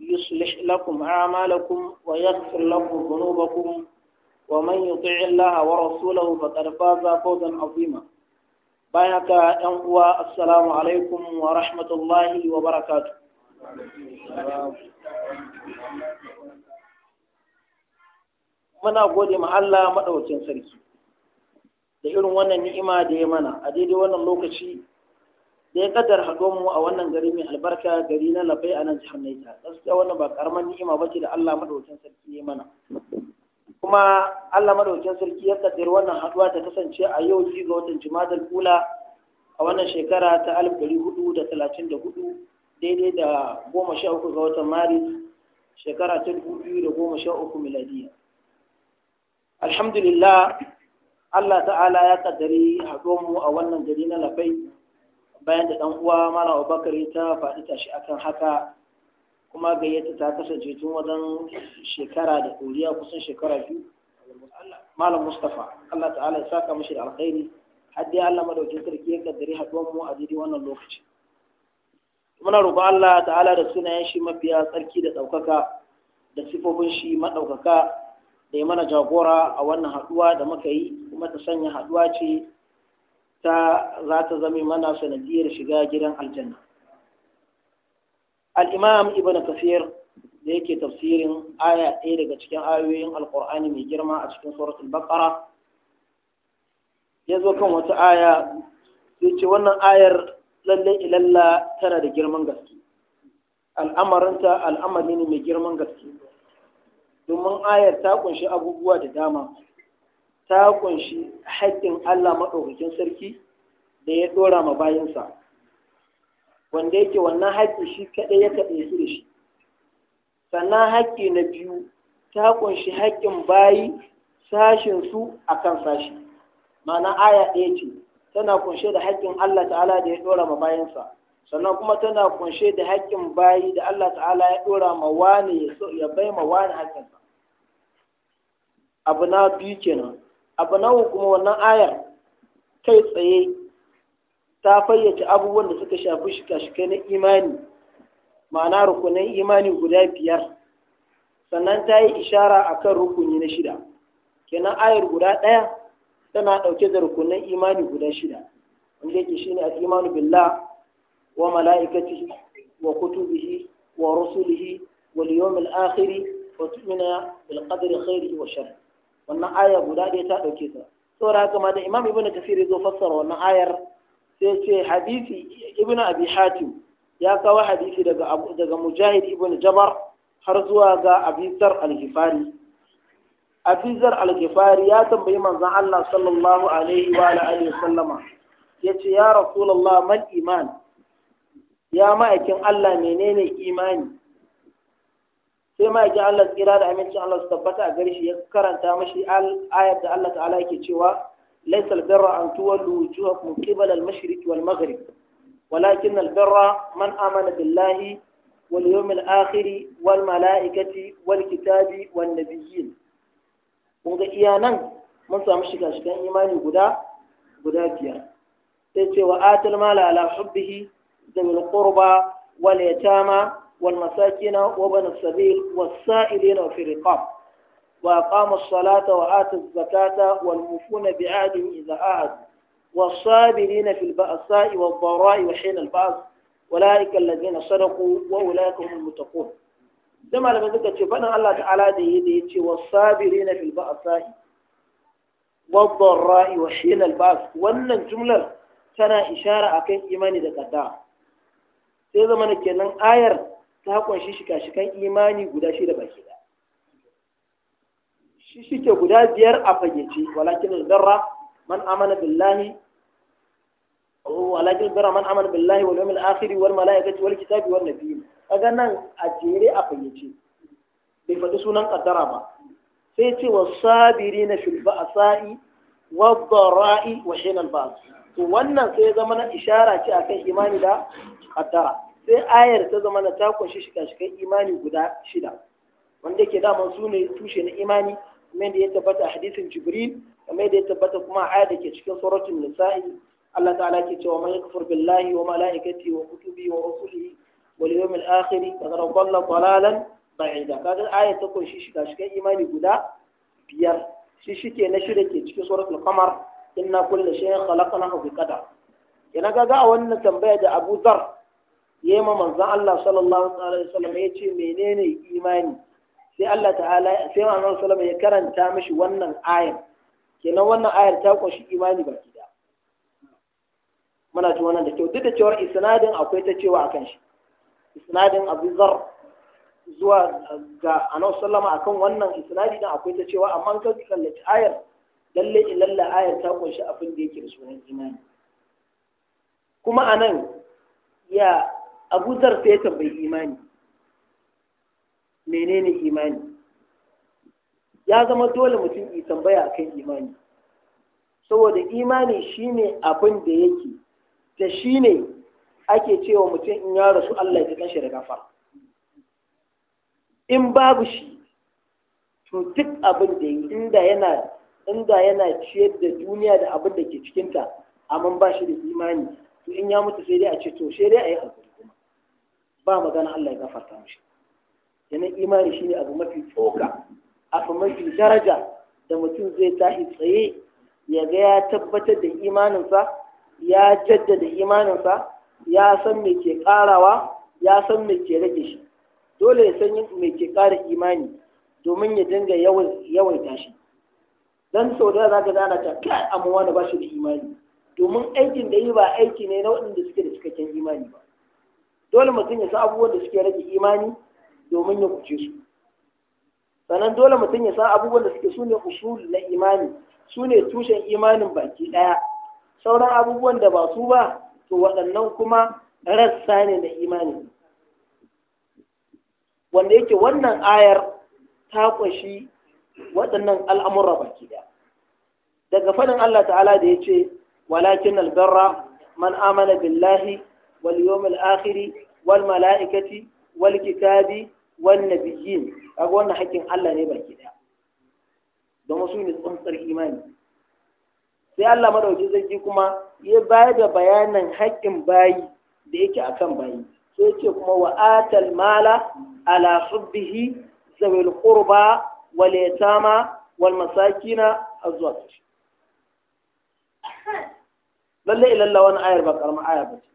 يصلح لكم أعمالكم ويغفر لكم ذنوبكم ومن يطع الله ورسوله فقد فاز فوزا عظيما بينك أنقوى السلام عليكم ورحمة الله وبركاته muna gode ma Allah maɗaukin sarki da irin wannan ni'ima da ya mana a daidai wannan lokaci da ya kaddar mu a wannan gari mai albarka gari na labai a nan jihar Naija gaskiya wannan ba karamar ni'ima ba ce da Allah madaukakin sarki ya mana kuma Allah madaukakin sarki ya kaddar wannan haɗuwa ta kasance a yau ji ga watan Jumadal Kula a wannan shekara ta 1434 daidai da 13 ga watan Maris shekara ta 2013 miladiya alhamdulillah Allah ta'ala ya kaddari haɗuwar mu a wannan gari na labai bayan da ɗan uwa mala bakari ta faɗi tashi akan haka kuma gayyata ta kasance tun wajen shekara da koriya kusan shekara biyu malam mustafa allah ta'ala ya saka mashi da alkhairi har dai allah madaukin sarki ya kaddare haɗuwar mu a daidai wannan lokaci muna roƙon allah ta'ala da sunayen shi mafiya tsarki da ɗaukaka da sifofin shi maɗaukaka da ya mana jagora a wannan haɗuwa da muka yi kuma ta sanya haɗuwa ce ta za ta zame mana sanadiyar shiga gidan aljanna al-imam ibn kafir da yake tafsirin aya ɗaya daga cikin ayoyin alkur'ani mai girma a cikin suratul baqara ya zo kan wata aya sai ce wannan ayar lalle ilalla tana da girman gaske al'amarinta al'amari ne mai girman gaske domin ayar ta kunshi abubuwa da dama ta kunshi haƙƙin Allah maɗaukakin sarki da ya ɗora ma bayansa wanda yake wannan haƙƙi shi kaɗai ya kaɗai su da shi sannan haƙƙi na biyu ta kunshi haƙƙin bayi sashinsu a kan sashi Mana aya ɗaya ce tana kunshe da haƙƙin Allah ta'ala da ya ɗora ma bayansa sannan kuma tana kunshe da haƙƙin bayi da Allah ta'ala ya ɗora ma wani ya bai ma wani haƙƙinsa abu na biyu kenan abu na kuma wannan ayar kai tsaye ta fayyace abubuwan da suka shafi shika-shika na imani ma'ana rukunin imani guda biyar sannan ta yi ishara a kan rukuni na shida kenan ayar guda ɗaya tana ɗauke da rukunin imani guda shida wanda yake shine a imanu billah wa mala'ikatihi wa kutubihi wa rusulihi wa yawmil akhiri wa tu'mina bil qadri khairihi wa sharrihi wannan aya guda ɗaya ta ɗauke ta saboda haka ma da imam ibnu kasir zo fassara wannan ayar sai ce hadisi ibnu abi hatim ya kawo hadisi daga daga mujahid Ibn jabar har zuwa ga abizar al-ghifari abizar al-ghifari ya tambayi manzon Allah sallallahu alaihi wa alihi sallama yace ya rasulullah man iman ya ma'aikin Allah menene imani sai ma yake Allah tsira da amincin Allah su tabbata a gare shi ya karanta mashi ayar da Allah ta'ala yake cewa laysa al-birra an tuwallu wujuhakum qibala al-mashriq wal maghrib walakin al-birra man amana billahi wal akhir wal malaikati wal kitabi wan nabiyyin kun ga iyanan mun samu shiga shigan imani guda guda biyar sai cewa atal mala ala hubbihi zawil qurba wal yatama والمساكين وبن السبيل والسائلين وفي الرقاب وأقام الصلاة وآتى الزكاة والمفون بعهده إذا آهد والصابرين في البأساء والضراء وحين البأس أولئك الذين صدقوا وأولئك هم المتقون كما لما ذكرت فأنا الله تعالى دي دي والصابرين في البأساء والضراء وحين البأس وأن الجملة ba'asai إشارة أكيد إيماني shinal إذا ما نكلم tana ta kunshi shika-shikan imani guda shida baki da shi shike guda biyar a fagece walakin albarra man amana billahi walakin albarra man amana billahi wal yawmil akhir wal malaikati wal kitabi wan nabiyyi kaga nan a jere a fagece bai faɗi sunan kaddara ba sai ce wa sabirina fil ba'sa'i wad dara'i wa hinal ba'sa to wannan sai zama na ishara ce akan imani da kaddara sai ayar ta zama na ta kunshi shika-shikan imani guda shida wanda ke d'a su ne tushe na imani kamar da ya tabbata a hadisin jibril kamar da ya tabbata kuma a aya da ke cikin suratul nisa'i Allah ta'ala ke cewa man yakfur billahi wa mala'ikati wa kutubi wa rusulihi wal yawmil akhir faqad dhalla dhalalan ba'ida kaga aya ta kunshi shika-shikan imani guda biyar shi shike na shida ke cikin suratul qamar inna kulla shay'in khalaqnahu bi qadar yana kaga a wannan tambaya da Abu Dharr yema manzon Allah sallallahu alaihi wasallam ya ce menene imani sai Allah ta'ala sai manzon sallallahu ya karanta mishi wannan ayar kenan wannan ayar ta kunshi imani ba. da muna ji wannan da kyau duk da cewar isnadin akwai ta cewa akan shi isnadin Abu Zar zuwa ga Annabi sallama akan wannan isnadi din akwai ta cewa amma kan kallaci ayar lalle ilalla ayar ta kunshi abin da yake da sunan imani kuma anan ya abu zar sai ya tambayi imani menene imani ya zama dole mutum yi tambaya kan imani saboda imani shine abin da yake da shine ake cewa mutum in ya rasu Allah ya kashe da gafara in babu shi to duk abin da yi inda yana inda yana ciyar da duniya da abin da ke cikinta amma ba shi da imani to in ya mutu sai dai a ce to sai dai a yi hakuri kuma ba magana Allah ya gafarta mishi kenan imani shine abu mafi tsoka abu mafi daraja da mutum zai tashi tsaye ya ga ya tabbatar da imaninsa ya jaddada imaninsa ya san me ke karawa ya san me ke rage shi dole ya san me ke kara imani domin ya dinga yawaita tashi. dan sau da za ka zana ta kai amma wani ba shi da imani domin aikin da yi ba aiki ne na waɗanda suke da cikakken imani ba dole mutum ya san abubuwan da suke rage imani domin ya kuce su sannan dole mutum ya san abubuwan da suke sune usul na imani sune tushen imanin baki daya sauran abubuwan da ba su ba to waɗannan kuma rassa ne na imani wanda yake wannan ayar ta ƙunshi waɗannan al'amura baki daya daga faɗin Allah ta'ala da ya ce walakin albarra man amana billahi واليوم الآخر والملائكة والكتاب والنبيين أقول حكين الله نبا كده don su ne tsuntsar imani sai Allah madauki sarki kuma ya ba da bayanan haƙƙin bayi da yake akan bayi sai ce kuma wa atal mala ala hubbihi zawil qurba wal yatama wal masakina azwaj lalle ilalla wani ayar ba karamar aya ba ce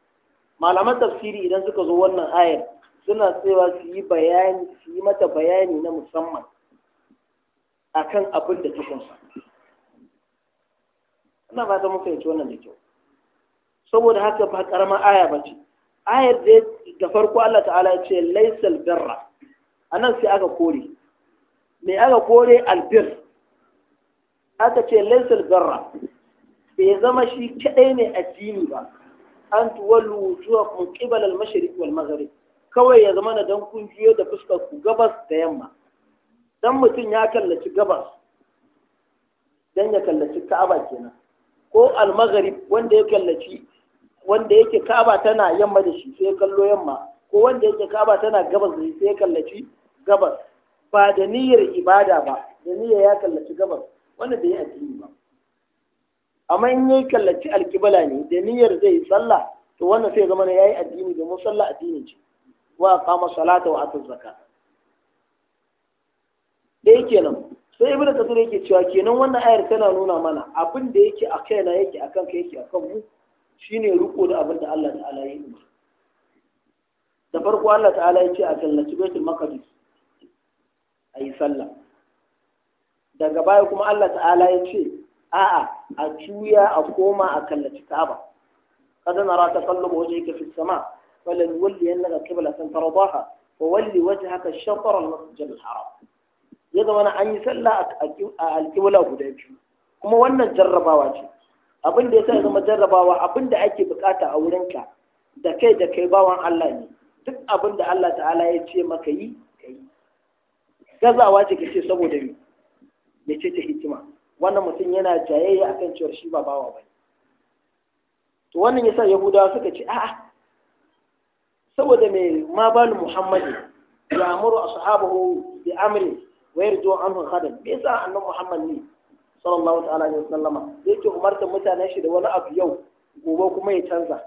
malaman tafsiri idan suka zo wannan ayar suna cewa su yi bayani su yi mata bayani na musamman akan abin da ta kunsa ina ba ta mun fahimci wannan da kyau saboda haka ba karama aya ba ce ayar da da farko Allah ta'ala ya ce laisal birra anan sai aka kore me aka kore albir aka ce laisal birra bai zama shi kadai ne addini ba an tuwallu wujuhakum qibala al-mashriq wal maghrib kawai ya zama na dan kun juyo da fuskar ku gabas da yamma dan mutum ya kallaci gabas dan ya kallaci Ka'aba kenan ko al-maghrib wanda ya kallaci wanda yake Ka'aba tana yamma da shi sai ya kallo yamma ko wanda yake Ka'aba tana gabas da shi sai ya kallaci gabas ba da niyyar ibada ba da niyyar ya kallaci gabas wanda bai yi addini ba amma in yi kallaci alkibala ne da niyyar zai sallah to wannan sai zama yayi addini domin sallah addini ce wa qama salata wa atu zakka da yake nan sai ibnu kasir yake cewa kenan wannan ayar tana nuna mana abin da yake a kaina yake akan ka yake akan mu shine ruko da abin da Allah ta'ala ya yi da farko Allah ta'ala ya ce a kallaci baitul maqdis ayi sallah daga baya kuma Allah ta'ala ya ce a'a a juya a koma a kallaci ka'aba kada na rata kallon waje yake fi sama falan walli yan naga kibla san tarbaha wa walli waje haka shafar al-masjid al-haram ya zama an yi sallah a alkibla guda biyu kuma wannan jarrabawa ce abin da ya zama jarrabawa abin da ake bukata a wurinka da kai da kai bawan Allah ne duk abin da Allah ta'ala ya ce maka yi ka gazawa ce kace ce saboda me ce ta hikima wannan mutum yana jayayya akan cewar shi ba bawa ba to wannan yasa yahudawa suka ce a'a saboda mai ma balu muhammadi ya amuru ashabahu bi amri wa yarju anhu khadan me yasa annabi muhammad ne sallallahu ta'ala alaihi wasallama yake umarta mutanen shi da wani abu yau gobe kuma ya canza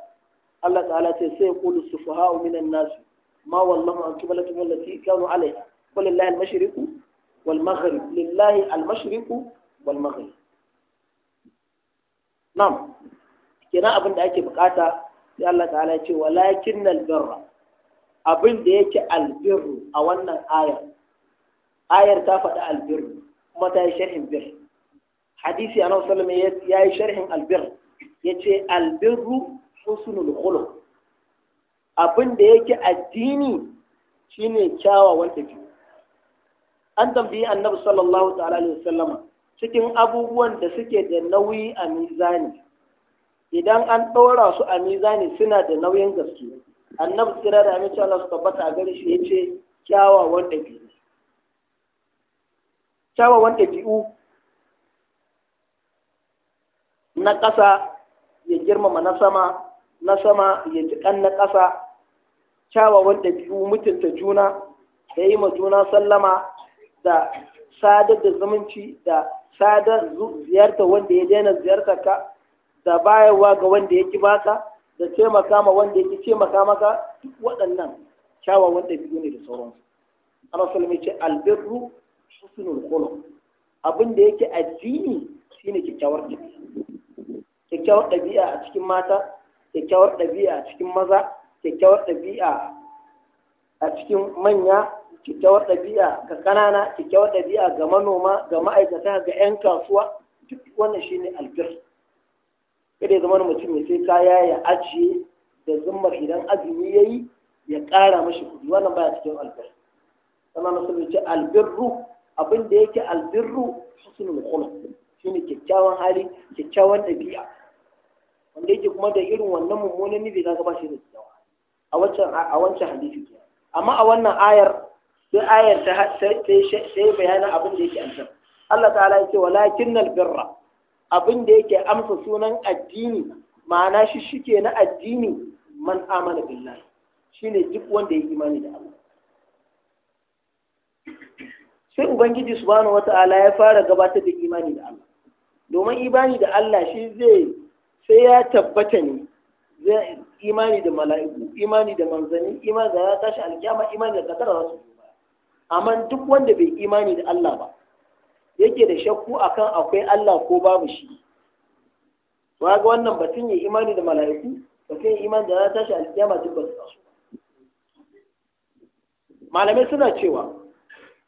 Allah ta'ala ce sai qulu sufaha'u minan nas ma wallahu an qiblatukum allati kanu alaiha qul lillahi al-mashriqu wal maghrib lillahi al-mashriqu wal maghrib nam kenan abin da ake bukata sai Allah ta'ala ya ce walakin albirra abin da yake albirru a wannan ayar ayar ta faɗi albirru kuma ta yi sharhin bir hadisi a nan ya yi sharhin albir ya ce albirru husnul khuluq abin da yake addini shine kyawawan tafi an tambayi annabi sallallahu ta'ala alaihi wasallama cikin abubuwan da suke da nauyi a mizani idan an ɗora su a mizani suna da nauyin gaske annabi tsira da amince Allah su tabbata a gare shi yace kyawawan ɗabi'u kyawawan ɗabi'u na ƙasa ya girmama na sama na sama ya ji ƙan na ƙasa kyawawan ɗabi'u mutunta juna da yi ma juna sallama da sadar da zumunci da sadar ziyarta wanda ya daina ziyartar ka da bayarwa ga wanda ya ki baka da taimaka ma wanda ya ki taimaka maka duk waɗannan kyawawan ɗabi'u ne da sauransu Allah sallama ce albirru husnul khuluq abin da yake addini shine kyakkyawar ɗabi'a kyakkyawar ɗabi'a a cikin mata kyakkyawar ɗabi'a a cikin maza kyakkyawar ɗabi'a a cikin manya kyakkyawar ɗabi'a ga ƙanana kyakkyawar ɗabi'a ga manoma ga ma'aikata ga 'yan kasuwa duk wannan ne albir kada ya zama mutum ya sai kaya ya ajiye da zumma idan azumi ya yi ya ƙara mashi kuɗi wannan baya cikin albir sannan na sun ce albirru abin da yake albirru mukuna shi ne kyakkyawan hali kyakkyawan ɗabi'a wanda yake kuma da irin wannan mummunan nufi na ba shi da kyakkyawa a wancan a wancan hadisi amma a wannan ayar sai ayar ta sai bayanin abin da yake amsa Allah ta'ala ya ce walakin birra abin da yake amsa sunan addini ma'ana shi shike na addini man amana billahi shine duk wanda ya imani da Allah sai ubangiji subhanahu wata'ala ya fara gabatar da imani da Allah domin imani da Allah shi zai sai ya tabbata ne zai imani da mala'iku imani da manzanni imani da ya tashi alkiyama imani da kadara wasu amma duk wanda bai imani da Allah ba yake da shakku akan akwai Allah ko babu shi to ga wannan batun ya imani da mala'iku batun ya imani da tashi alkiyama duk ba kasu malamai suna cewa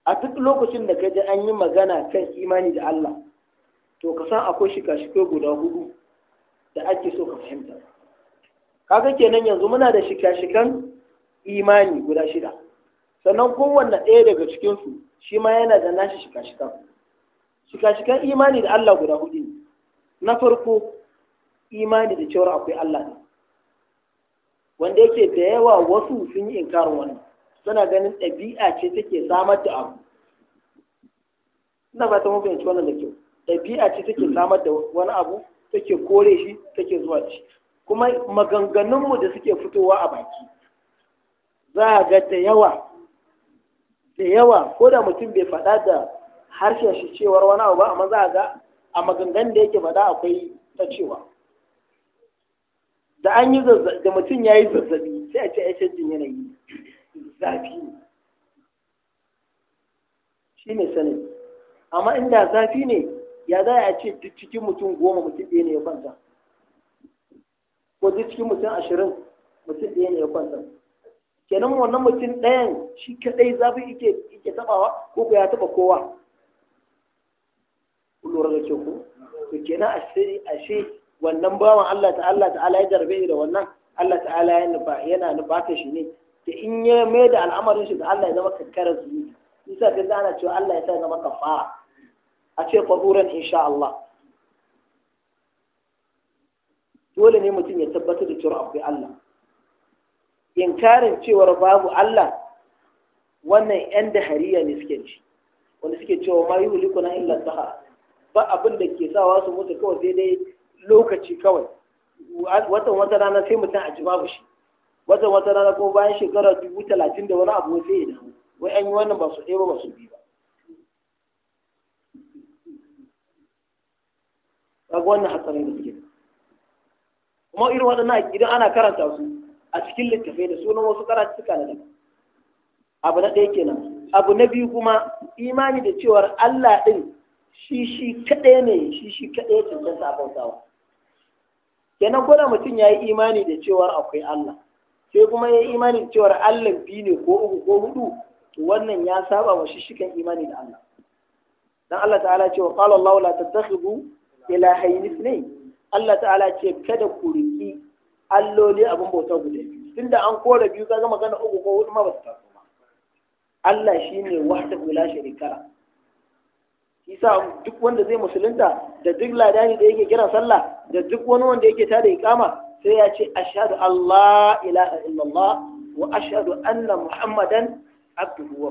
a duk lokacin da ka an yi magana kan imani da Allah to ka san akwai shika-shikai guda hudu da ake so ka fahimta kaga kenan yanzu muna da shika-shikan imani guda shida sannan kowanne ɗaya daga cikinsu shi ma yana da nashi shika shikashikan imani da Allah guda hudu ne na farko imani da cewar akwai Allah ne wanda yake da yawa wasu sun yi inkarin wannan suna ganin ɗabi'a ce take samar da abu ina fata mun fahimci wannan da kyau ɗabi'a ce take samar da wani abu take kore shi take zuwa da shi kuma maganganunmu da suke fitowa a baki za a ga da yawa da yawa ko da mutum bai faɗa da harshen shi cewar wani abu ba amma za a ga a maganganun da yake faɗa akwai ta cewa da an yi da mutum ya yi zazzabi sai a ce ya canjin yanayi zafi ne shi ne sanin amma inda zafi ne ya za a ce duk cikin mutum goma mutum ɗaya ne ya kwanta ko duk cikin mutum ashirin mutum ɗaya ne ya kwanta kenan wannan mutum ɗayan shi kaɗai zafi yake yake tabawa ko ya taba kowa ku lura da ku to kenan ashe ashe wannan bawan Allah ta'ala Allah ya jarbe da wannan Allah ta'ala yana ba yana nufa shi ne da in ya mai da al'amarin shi da Allah ya zama kakkara zuwa isa ka ana cewa Allah ya sa zama kafara a ce kwaruran insha Allah dole ne mutum ya tabbatar da cewa akwai Allah inkarin cewar babu Allah wannan yan Hariya ne suke ci wanda suke cewa ma yi huliku na illa saha ba abin da ke sa su mutu kawai sai dai lokaci kawai watan wata rana sai mutum a ji babu shi watan wata rana kuma bayan shekara dubu talatin da wani abu sai ya dawo wai an yi wannan ba su ɗaya ba ba su biyu ba kaga wannan hatsarin da suke kuma irin waɗannan idan ana karanta su a cikin littafai da sunan wasu karatuka na daban abu na ɗaya kenan abu na biyu kuma imani da cewar Allah ɗin shi shi kaɗai ne shi shi kaɗai cancanta a bautawa kenan ko da mutum ya yi imani da cewar akwai Allah sai kuma ya yi imani da cewar Allah biyu ne ko uku ko hudu to wannan ya saba wa shi shikan imani da Allah dan Allah ta'ala ce wa qala Allah la tattakhidhu ilahayn ithnayn Allah ta'ala ce kada ku riki alloli abin bauta guda biyu da an kora biyu ka kaga magana uku ko hudu ma ba su taso ba Allah shine wahdahu la sharika duk wanda zai musulunta da duk ladani da yake kira sallah da duk wani wanda yake tada ikama, sai ya ce ashhadu Allah ilaha illallah wa ashhadu anna muhammadan abduhu wa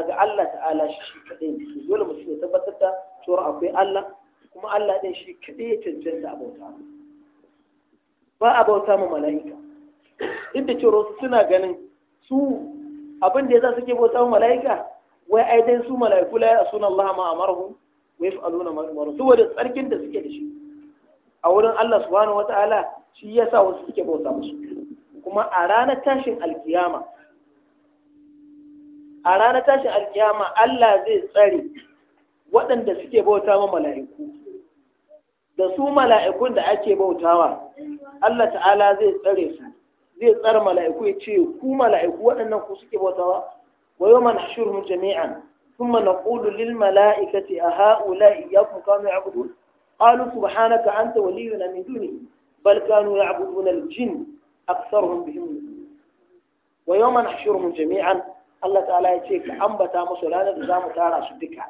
aga Allah ta'ala shi kadai ne dole da tabbatar da cewa akwai Allah kuma Allah din shi kadai ya cancanta abota ba a bauta ma mala'ika duk da cewa suna ganin su abin da yasa suke bauta ma mala'ika wai ai dai su mala'iku la suna Allah ma amaruhu wa yaf'aluna ma Su saboda tsarkin da suke da shi a wurin Allah subhanahu wataala shi yasa wasu suke bauta musu kuma a ranar tashin alkiyama a ranar tashin alkiyama Allah zai tsare waɗanda suke bauta ma mala'iku da su mala’ikun da ake bautawa, Allah ta’ala zai tsare su, zai tsara mala’iku ce, ku mala’iku waɗannan ku suke bautawa, wa yau man shir mu jami’an, sun na ƙudu lil mala’ikati a ha’ula ya ya abudu, ƙalu su bahana ka an ta na mindu bal kanu ya na jin a tsar mu bihin mu. Wa jami’an, Allah ta’ala ya ce, ka ambata musu ranar da za mu tara su duka,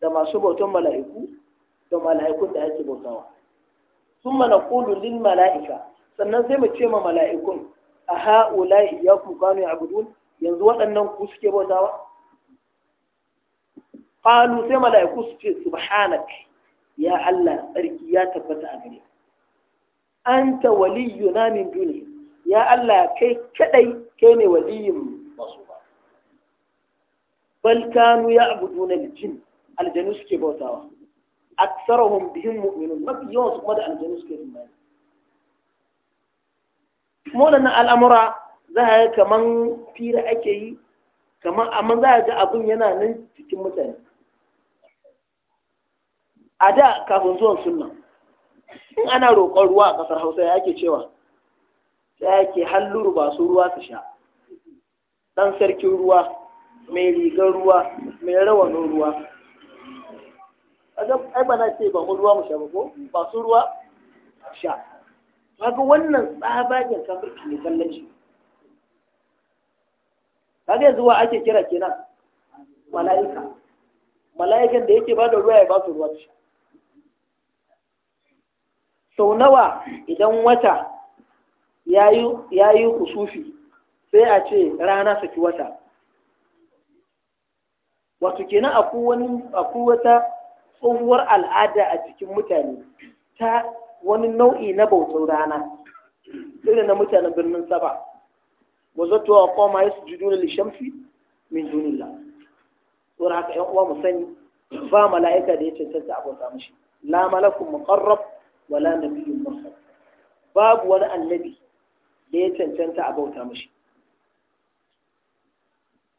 da masu bautan mala’iku, Ga mala'ikun da ake bautawa sun mana kulu lil mala'ika sannan sai mu ce ma mala'ikun a ha'ula ya ku kanu abudun yanzu waɗannan ku suke bautawa qalu sai mala'iku su ce subhanak ya Allah tsarki ya tabbata a gare anta waliyuna min duni ya Allah kai kadai kai ne waliyin masu ba bal kanu ya abuduna aljin aljanu suke bautawa aksarahum bihim mu'minun mafi yawan su kuma da aljanu suke imani kuma waɗannan al'amura za a yi kaman fira ake yi kaman amma za a ga abin yana nan cikin mutane a da kafin zuwan sunna in ana roƙon ruwa a ƙasar hausa ya ake cewa sai ake halluru ba su ruwa su sha ɗan sarkin ruwa mai rigar ruwa mai rawanin ruwa ai ba na ce ba mu ruwa mu sha ba ko ba su ruwa sha kaga wannan tsabagen kafirci ne kallaci kaga yanzu wa ake kira kenan mala'ika mala'ikan da yake bada ruwa ya ba su ruwa su sha sau nawa idan wata ya yi kusufi sai a ce rana saki wata wato kenan akwai wata tsohuwar al'ada a cikin mutane ta wani nau'i na bautar rana irin na mutanen birnin saba wa zato wa koma ya su jiduna lishamfi min dunilla tsoron haka yan uwa sani ba mala'ika da ya cancanta abota mashi. la malakun muqarrab wala nabiyyun mursal babu wani annabi da ya cancanta abota mashi,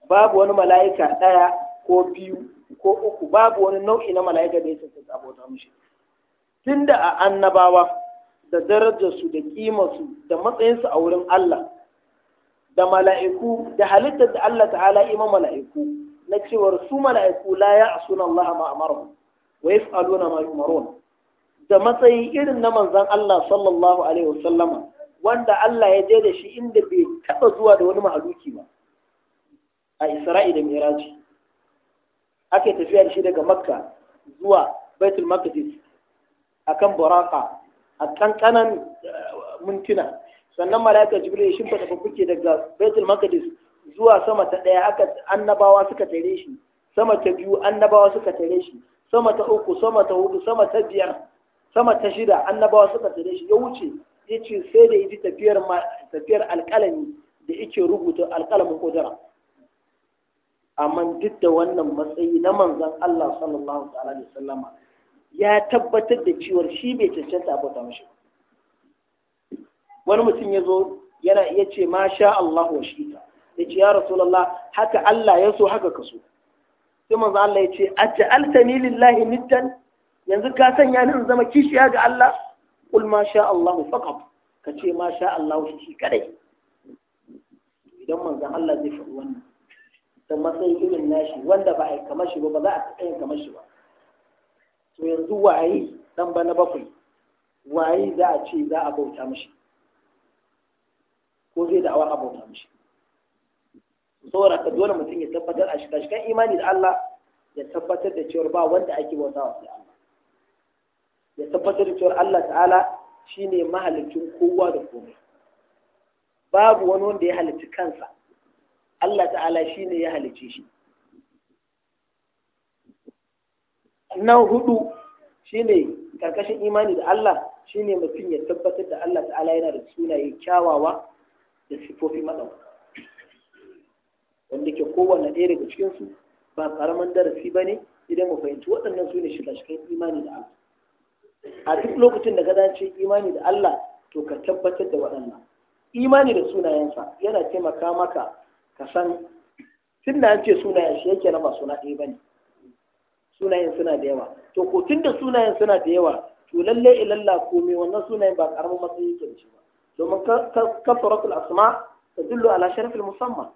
babu wani mala'ika ɗaya ko biyu ko uku babu wani nau'i na mala'ika da ya tantance abota mishi tunda a annabawa da darajarsu da kimarsu da matsayinsu a wurin Allah da mala'iku da halittar da Allah ta'ala ima mala'iku na cewar su mala'iku la ya asuna Allah ma wa yaf'aluna ma yumarun da matsayi irin na manzon Allah sallallahu alaihi wasallama wanda Allah ya je da shi inda bai taba zuwa da wani mahaluki ba a Isra'i da Miraji ake tafiya da shi daga makka zuwa baitul maqdis akan buraka a kankanan eh, mintuna sannan malaika jibril fa da kuke daga baitul maqdis zuwa sama ta daya aka annabawa suka tare shi sama ta biyu annabawa suka tare shi sama ta uku sama ta hudu sama ta biyar sama ta shida annabawa suka tare shi ya wuce yace sai da yi tafiyar tafiyar alƙalami da yake rubuta alƙalamin kudura amma duk da wannan matsayi na manzon Allah sallallahu alaihi wasallama ya tabbatar da cewa shi bai cancanta abota mashi wani mutum ya zo yana iya ce ma sha Allah wa shi ta ya ce ya rasulallah haka Allah ya so haka ka so sai manzo Allah ya ce aj'altani lillahi niddan yanzu ka sanya ni in zama kishiya ga Allah kul ma sha Allah faqat ka ce ma sha Allah shi kadai idan manzan Allah zai faɗi wannan da matsayin irin nashi wanda ba a yi kamar shi ba ba za a taɓa yin kamar shi ba to yanzu waye dan ba na bakwai waye za a ce za a bauta mishi ko zai da awa a bauta mishi saboda ka dole mutum ya tabbatar a shiga shigan imani da Allah ya tabbatar da cewar ba wanda ake bauta wa sai Allah ya tabbatar da cewar Allah ta'ala shine mahalicin kowa da komai babu wani wanda ya halicci kansa Allah ta'ala shi ne ya halice shi na hudu shi ne ƙarƙashin imani da Allah shi ne mutum ya tabbatar da Allah ta'ala yana da sunaye kyawawa da sifofi maɗauka wanda ke kowane ɗaya daga cikinsu ba ƙaramin darasi ba ne idan mu fahimci waɗannan su ne shiga-shigan imani da Allah a duk lokacin da ka dace imani da Allah to ka tabbatar da waɗannan imani da sunayensa yana taimaka maka ka san tun da an ce sunayen shi yake nama suna ɗaya ba ne sunayen suna da yawa to ko tun da sunayen suna da yawa to lalle ilalla komai wannan sunayen ba karamin matsayi ke da shi ba domin kasaratul asma dillo ala sharafin musamman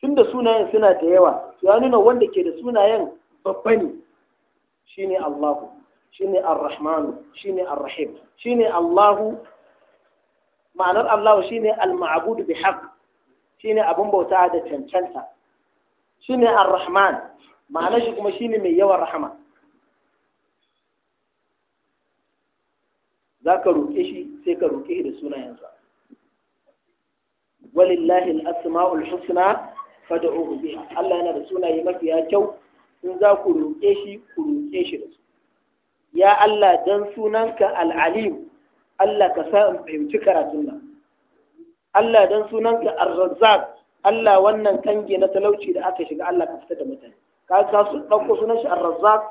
tun da sunayen suna da yawa to ya nuna wanda ke da sunayen babba ne shine Allahu shine arrahmanu rahmanu shine arrahim rahim shine Allahu ma'anar Allahu shine al-ma'bud bi haqq shine abin bauta da cancanta shine ar-rahman ma'ana shi kuma shine mai yawan rahama za ka roƙe shi sai ka roƙe shi da sunayensa walillahi al-asma'ul husna fad'uhu biha Allah yana da sunaye mafiya kyau in za ku roƙe shi ku roƙe shi da su ya Allah dan sunanka al-alim Allah ka sa in fahimci karatun nan Allah dan sunanka ar-razzaq Allah wannan kange na talauci da aka shiga Allah ka fitar da mutane ka ka su dauko sunan shi ar-razzaq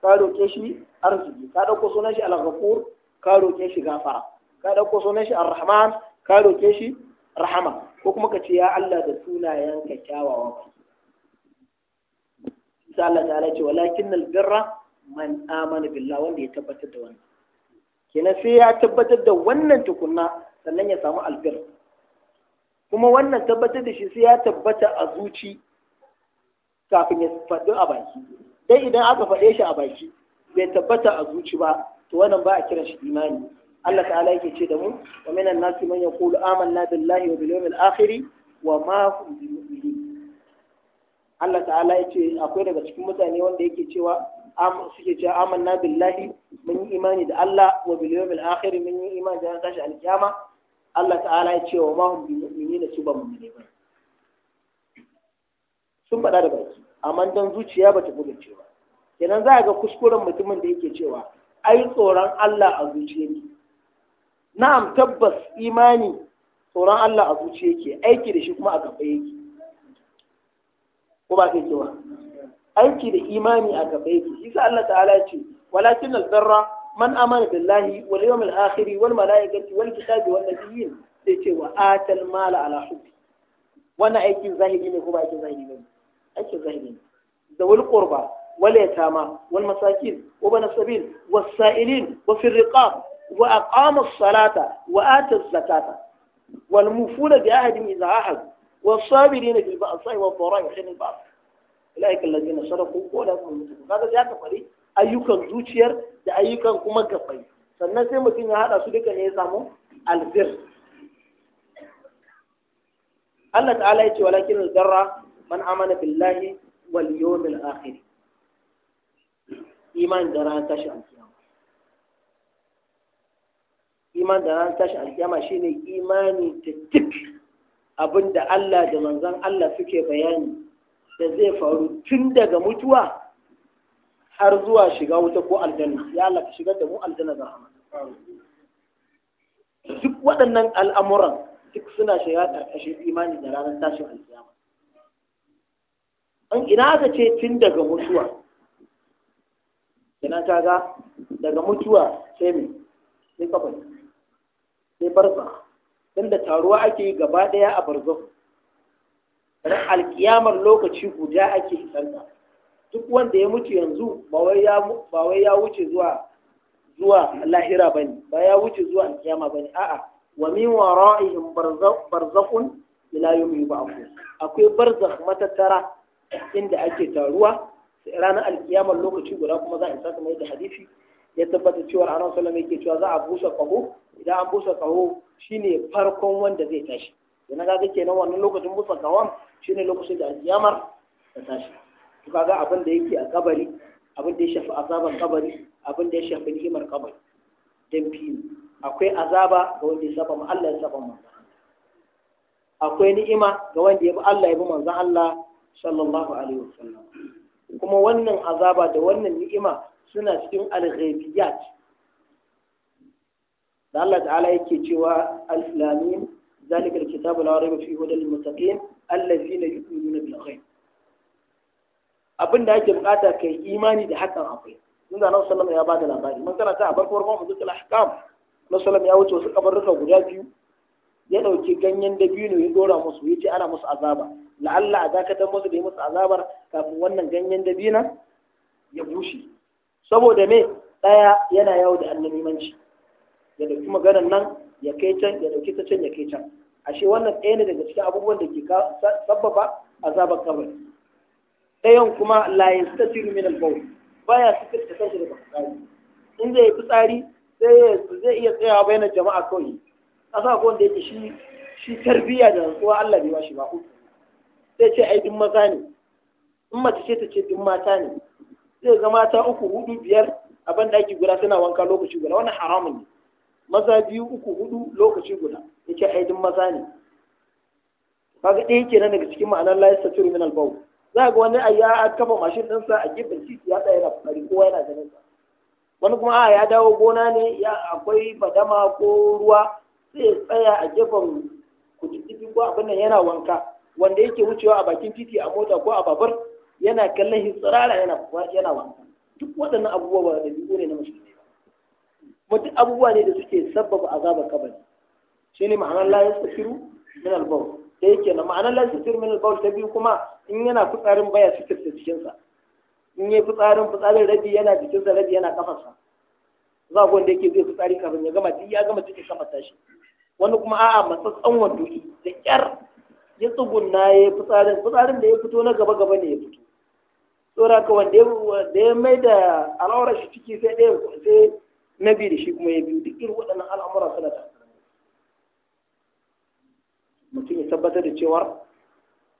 ka roke shi arziki ka dauko sunan shi al-ghafur ka roke shi gafara ka dauko sunan shi ar-rahman ka roke shi rahama ko kuma ka ce ya Allah da sunayen ka kyawawa sai Allah ta'ala ce walakin al-birra man amana billah wanda ya tabbatar da wannan kenan sai ya tabbatar da wannan tukunna sannan ya samu albirra. kuma wannan tabbatar da shi sai ya tabbata a zuci kafin ya faɗi a baki dai idan aka faɗe shi a baki bai tabbata a zuci ba to wannan ba a kiran shi imani Allah ta'ala yake ce da mu wa minan nasi man yaqulu amanna billahi wa bil yawmil akhir wa ma hum mu'minin Allah ta'ala yake akwai daga cikin mutane wanda yake cewa suke cewa amanna billahi mun yi imani da Allah wa bil yawmil akhir mun yi imani da tashi alkiyama Allah ta'ala yake wa ma hum bimu'minin musulmi su ba ba sun faɗa da baki amma don zuciya ba ta buga cewa kenan za a ga kuskuren mutumin da yake cewa ai tsoron Allah a zuciya ne na'am tabbas imani tsoron Allah a zuciya yake aiki da shi kuma a gaba yake ko ba kai cewa aiki da imani a gaba yake isa Allah ta'ala ya ce walakin albarra man amana billahi wal yawmil akhir wal malaikati wal kitabi wal nabiyyin sai ce wa atal mala ala hubbi wannan aikin zahiri ne ko ba aikin zahiri ne aikin zahiri ne da wal qurba wal yatama wal masakin wa bana sabil was sa'ilin wa fi riqab wa aqama as-salata wa ata az-zakata wal mufuna bi ahadin idha ahad was sabirin fil ba'sa'i wad dharra'i wa hinal ba'th ulaika alladhina sadaqu wa la yu'minun kaga ya tafari ayyukan zuciyar da ayyukan kuma gabai sannan sai mutum ya hada su duka ne ya samu albir Allah ta'ala ya ce walakin zarra man amana billahi wal yawmil akhir iman da ran tashi alkiyama iman da ran tashi alkiyama shine imani ta duk abinda Allah da manzon Allah suke bayani da zai faru tun daga mutuwa har zuwa shiga wuta ko aljanna ya Allah ka shigar da mu aljanna da rahama duk waɗannan al'amuran duk suna shiga ƙarƙashin imani da ranar tashin alkiyama an ina aka ce tun daga mutuwa kenan ga daga mutuwa sai mai, sai kafa sai barza tun da taruwa ake yi gaba ɗaya a barza ran alkiyamar lokaci guda ake hisanta duk wanda ya mutu yanzu ba wai ya wuce zuwa zuwa lahira ne. ba ya wuce zuwa alkiyama ne a'a wa min wara'ihim barzakhun ila yawmi yub'athun akwai barzakh matattara inda ake taruwa ranar alkiyamar lokaci guda kuma za a isa kamar yadda hadisi ya tabbata cewa anan sallama yake cewa za a busa kaho idan an busa kaho shine farkon wanda zai tashi idan ka ga kenan wannan lokacin busa kahon shine lokacin da alkiyamar ta tashi to kaga abin da yake a kabari abin da ya shafi azaban kabari abin da ya shafi ni'imar kabari dan fiye akwai azaba ga wanda ya saba ma Allah ya saba manzon akwai ni'ima ga wanda ya bi Allah ya bi manzon Allah sallallahu alaihi wasallam kuma wannan azaba da wannan ni'ima suna cikin al-ghaibiyat da Allah ta'ala yake cewa al-lamin ذلك الكتاب لا ريب فيه هدى muttaqin allazina yu'minuna bil abin da ake bukata kai imani da hakan akwai sun da nan sallama ya bada labari mun karanta a farkon mu zuwa al-ahkam masalam ya wuce wasu kabarruka guda biyu ya ɗauki ganyen dabino ya ɗora musu ya ce ana musu azaba la'alla a dakatar musu da yi musu azabar kafin wannan ganyen dabina ya bushe saboda me ɗaya yana yawo da annabimanci ya ɗauki maganar nan ya kai can ya ɗauki ta can ya kai can ashe wannan ɗaya ne daga cikin abubuwan da ke sabbaba azabar kabari ɗayan kuma la yastatiru min al-bawl baya sitirta kanshi daga tsari in zai yi fitsari sai zai iya tsayawa na jama'a kawai kasa ko wanda yake shi shi tarbiyya da rantsuwa Allah bai bashi ba uku sai ce ai din maza ne in mace ce ta ce din mata ne zai zama ta uku hudu biyar a ban guda suna wanka lokaci guda wannan haramun ne maza biyu uku hudu lokaci guda yake ai din maza ne kaga ɗaya kenan daga cikin ma'anar la yastatiru min al-bawl za ga wani ayya a kafa mashin ɗinsa a gefen titi ya tsaya yana fari kowa yana ganin sa wani kuma ah, ya dawo gona ne ya akwai fadama ko ruwa sai ya tsaya a gefen kududdufi ko abin nan yana wanka wanda yake wucewa a bakin titi a mota ko a babar yana kallon hitsirara yana yana wanka duk waɗannan abubuwa ba da biyu ne na musulmi ba duk abubuwa ne da suke sabbaba azabar kabari ne ma'anar la yastafiru min al da yake na ma'anar la yastafiru min al ta biyu kuma in yana kutsarin baya da cikinsa. in yi fitsarin fitsarin rabi yana da rabi yana kafarsa za ku wanda yake zai fitsari kafin ya gama ya gama cikin kafarsa shi. wani kuma a'a matsatsan wando da kyar ya tsugunna ya yi fitsarin fitsarin da ya fito na gaba gaba ne ya fito tsora ka wanda ya mai da al'aurar shi ciki sai ɗaya sai na biyu da shi kuma ya biyu duk irin waɗannan al'amura suna da mutum ya tabbatar da cewar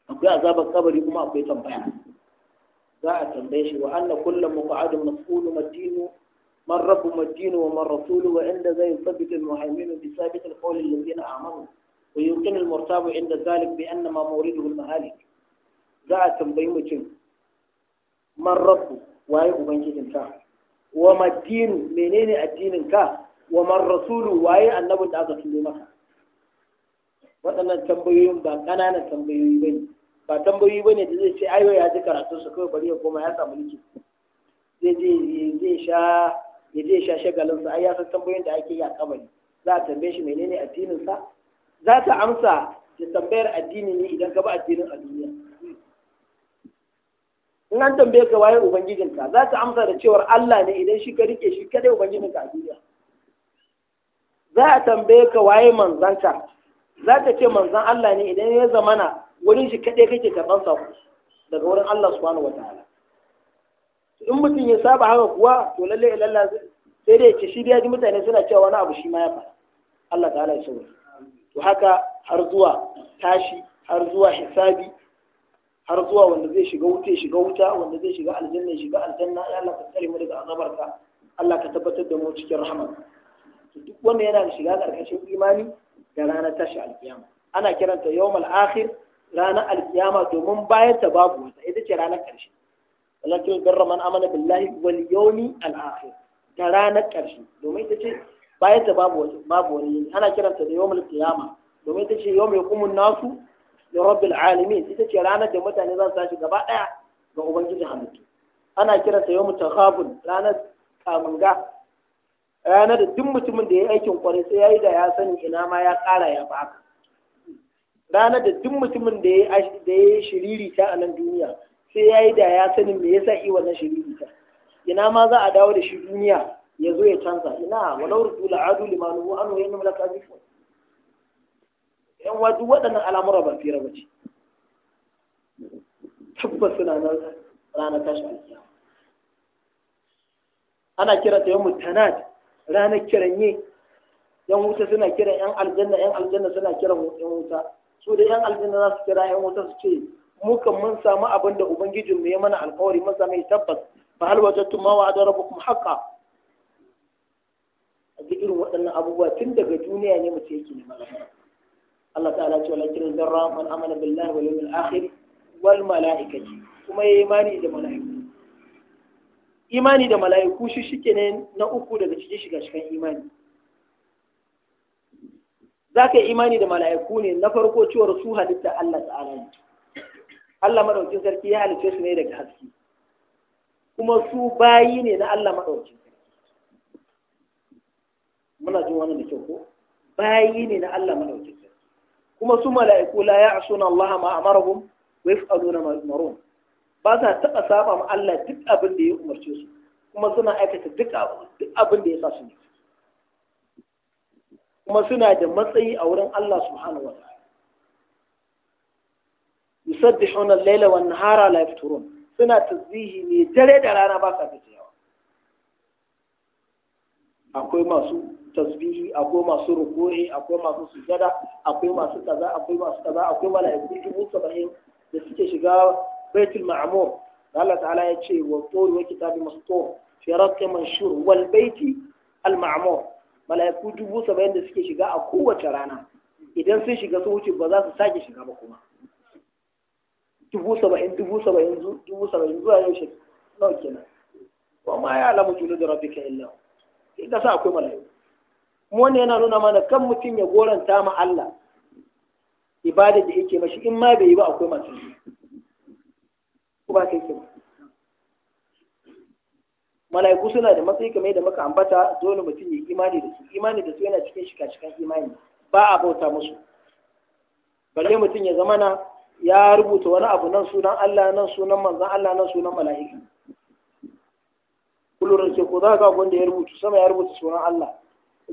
akwai azabar kabari kuma akwai tambaya za a tambaye shi wa anna kullu muqa'adun mas'ulun madinu man rabu madinu wa man rasulu wa inda zai thabbita al-muhaimin bi sabit al-qawl alladhina amanu wa yuqinu al-murtabu inda zalik bi anna ma mawriduhu al-mahalik za a tambayi mutum man rabbu waye ka wa madinu menene addinin ka wa man rasulu waye annabin da aka turo maka waɗannan tambayoyin ba ƙananan tambayoyi ba ne. ba tambayoyi bane da zai ce ayo ya ji karatun su kawai bari ya koma ya samu liki zai je zai sha ya je sha shagalin sa ai ya san tambayoyin da ake yi a kabari za a tambaye shi menene addinin sa za ta amsa da tambayar addini ne idan ka ba addinin a duniya in an tambaye ka waye ubangijinka za ta amsa da cewar Allah ne idan shi ka rike shi kadai ubangijinka a duniya za a tambaye ka waye manzanka za ta ce manzan Allah ne idan ya zamana wurin shi kaɗai kake karɓar sako daga wurin Allah subhanahu wa ta'ala in mutum ya saba haka kuwa to lalle ilalla sai dai ce shi da ji mutane suna cewa wani abu shi ma ya faɗa Allah ta'ala ya sauya to haka har zuwa tashi har zuwa hisabi har zuwa wanda zai shiga wuta ya shiga wuta wanda zai shiga aljanna ya shiga aljanna ya Allah ka tsare mu daga azabarka Allah ka tabbatar da mu cikin rahama duk wanda yana da shiga karkashin imani da ranar tashi alkiyama ana kiranta yawmal akhir ranar alkiyama domin bayan ta babu wata ita ce ranar ƙarshe walakin birra man amana billahi wal yawmi al akhir ta ranar ƙarshe domin ita ce bayan ta babu babu wani yini, ana kiranta da yawmul qiyama domin ita ce yawmi yaqumun nasu li rabbil alamin ita ce ranar da mutane za su tashi gaba daya ga ubangiji hamdu ana kiranta yawmul takhabun ranar kamunga ranar da duk mutumin da ya yi aikin kwarai sai ya yi da ya sani ina ma ya ƙara ya baka ranar da duk mutumin da ya yi shiririta a nan duniya sai ya yi da ya sanin me yasa yi wannan shiririta ina ma za a dawo da shi duniya ya zo ya canza ina walau rutula adu limanu an wayan mulaka azifu yan wadu waɗannan al'amura ba fi ba ce tabbas suna nan ranar tashi alkiya ana kira ta yawmut tanad ranar yi yan wuta suna kiran yan aljanna yan aljanna suna kiran yan wuta su da yan aljanna za su kira yan wuta su ce mu kan mun samu abin da ubangijin mu ya mana alkawari mun samu tabbas fa hal wajadtum ma wa'ada rabbukum haqqan duk irin waɗannan abubuwa tun daga duniya ne mace yake neman Allah ta'ala ce wala kirin darra man amana billahi wal yawmil akhir wal malaikati kuma yayi imani da malaiku imani da malaiku shi shike ne na uku daga cikin shiga cikin imani za ka yi imani da mala'iku ne na farko cewar su halitta Allah ta'ala ne Allah maɗaukin sarki ya halitta su ne daga haske kuma su bayi ne na Allah maɗaukin sarki muna jin wannan da kyau ko bayi ne na Allah maɗaukin sarki kuma su mala'iku la ya asuna Allah ma a amarahum wa yaf'aluna ma yumarun ba sa taɓa saba ma Allah duk abin da ya umarce su kuma suna aikata duk abin da ya sa su ne kuma suna da matsayi a wurin Allah subhanahu wa ta'ala yusabbihuna al Layla wan nahara la yafturun suna tasbihi ne dare da rana ba sa gajiyawa akwai masu tasbihi akwai masu ruku'i akwai masu sujada akwai masu kaza akwai masu kaza akwai mala'iku dubu saba'in da suke shiga baitul ma'mur da Allah ta'ala ya ce wa tsori wa kitabi mustaw fi raqqi manshur wal baiti al ma'mur mala'iku dubu saba'in da suke shiga a kowace rana idan sun shiga sun wuce ba za su sake shiga ba kuma dubu saba'in dubu saba'in dubu saba'in zuwa yau shi nawa kenan ba ma ya alamu juna da rabbika illa ka sa akwai mala'iku mu wannan yana nuna mana kan mutum ya goranta ma Allah ibada da yake mashi in ma bai yi ba akwai masu ko ba kai ke ba mala'iku suna da matsayi kamar da muka ambata dole mutum ya imani da su imani da su yana cikin shika-shikan imani ba a bauta musu balle mutum ya zama na ya rubuta wani abu nan sunan Allah nan sunan manzon Allah nan sunan mala'ika kullum ke ko za ka wanda ya rubuta sama ya rubuta sunan Allah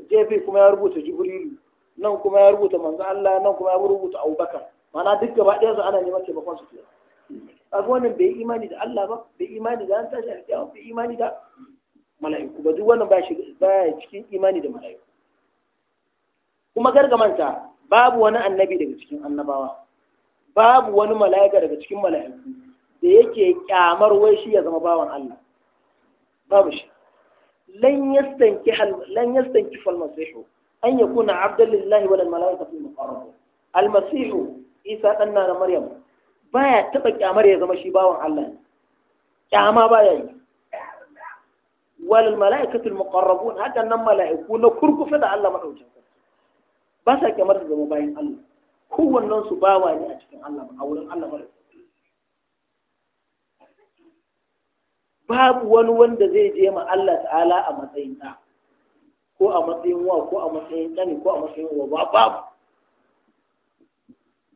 jefi kuma ya rubuta jibril nan kuma ya rubuta manzon Allah nan kuma ya rubuta Abubakar mana duk gaba ɗaya su ana neman taimakon su kenan kaga wannan bai imani da Allah ba bai imani da an tashi alƙiyama bai imani da mala'iku ba duk wannan baya cikin imani da mala'iku kuma gargamanta babu wani annabi daga cikin annabawa babu wani mala'ika daga cikin mala'iku da yake kyamar wai shi ya zama bawan Allah babu shi lan yastanki lan fal masihu an yakuna abdan lillahi wal mala'ikatu muqarrabun al masihu isa danna na maryam baya taɓa kyamar ya zama shi bawan Allah ne kyama baya yi walil mala'ikatul muqarrabun haka nan mala'iku na kurkufa da Allah madaukakin ba sa kyamar da zama bayan Allah kowannen su bawa ne a cikin Allah a wurin Allah madaukakin babu wani wanda zai je ma Allah ta'ala a matsayin ɗa ko a matsayin wa ko a matsayin ƙani ko a matsayin wa babu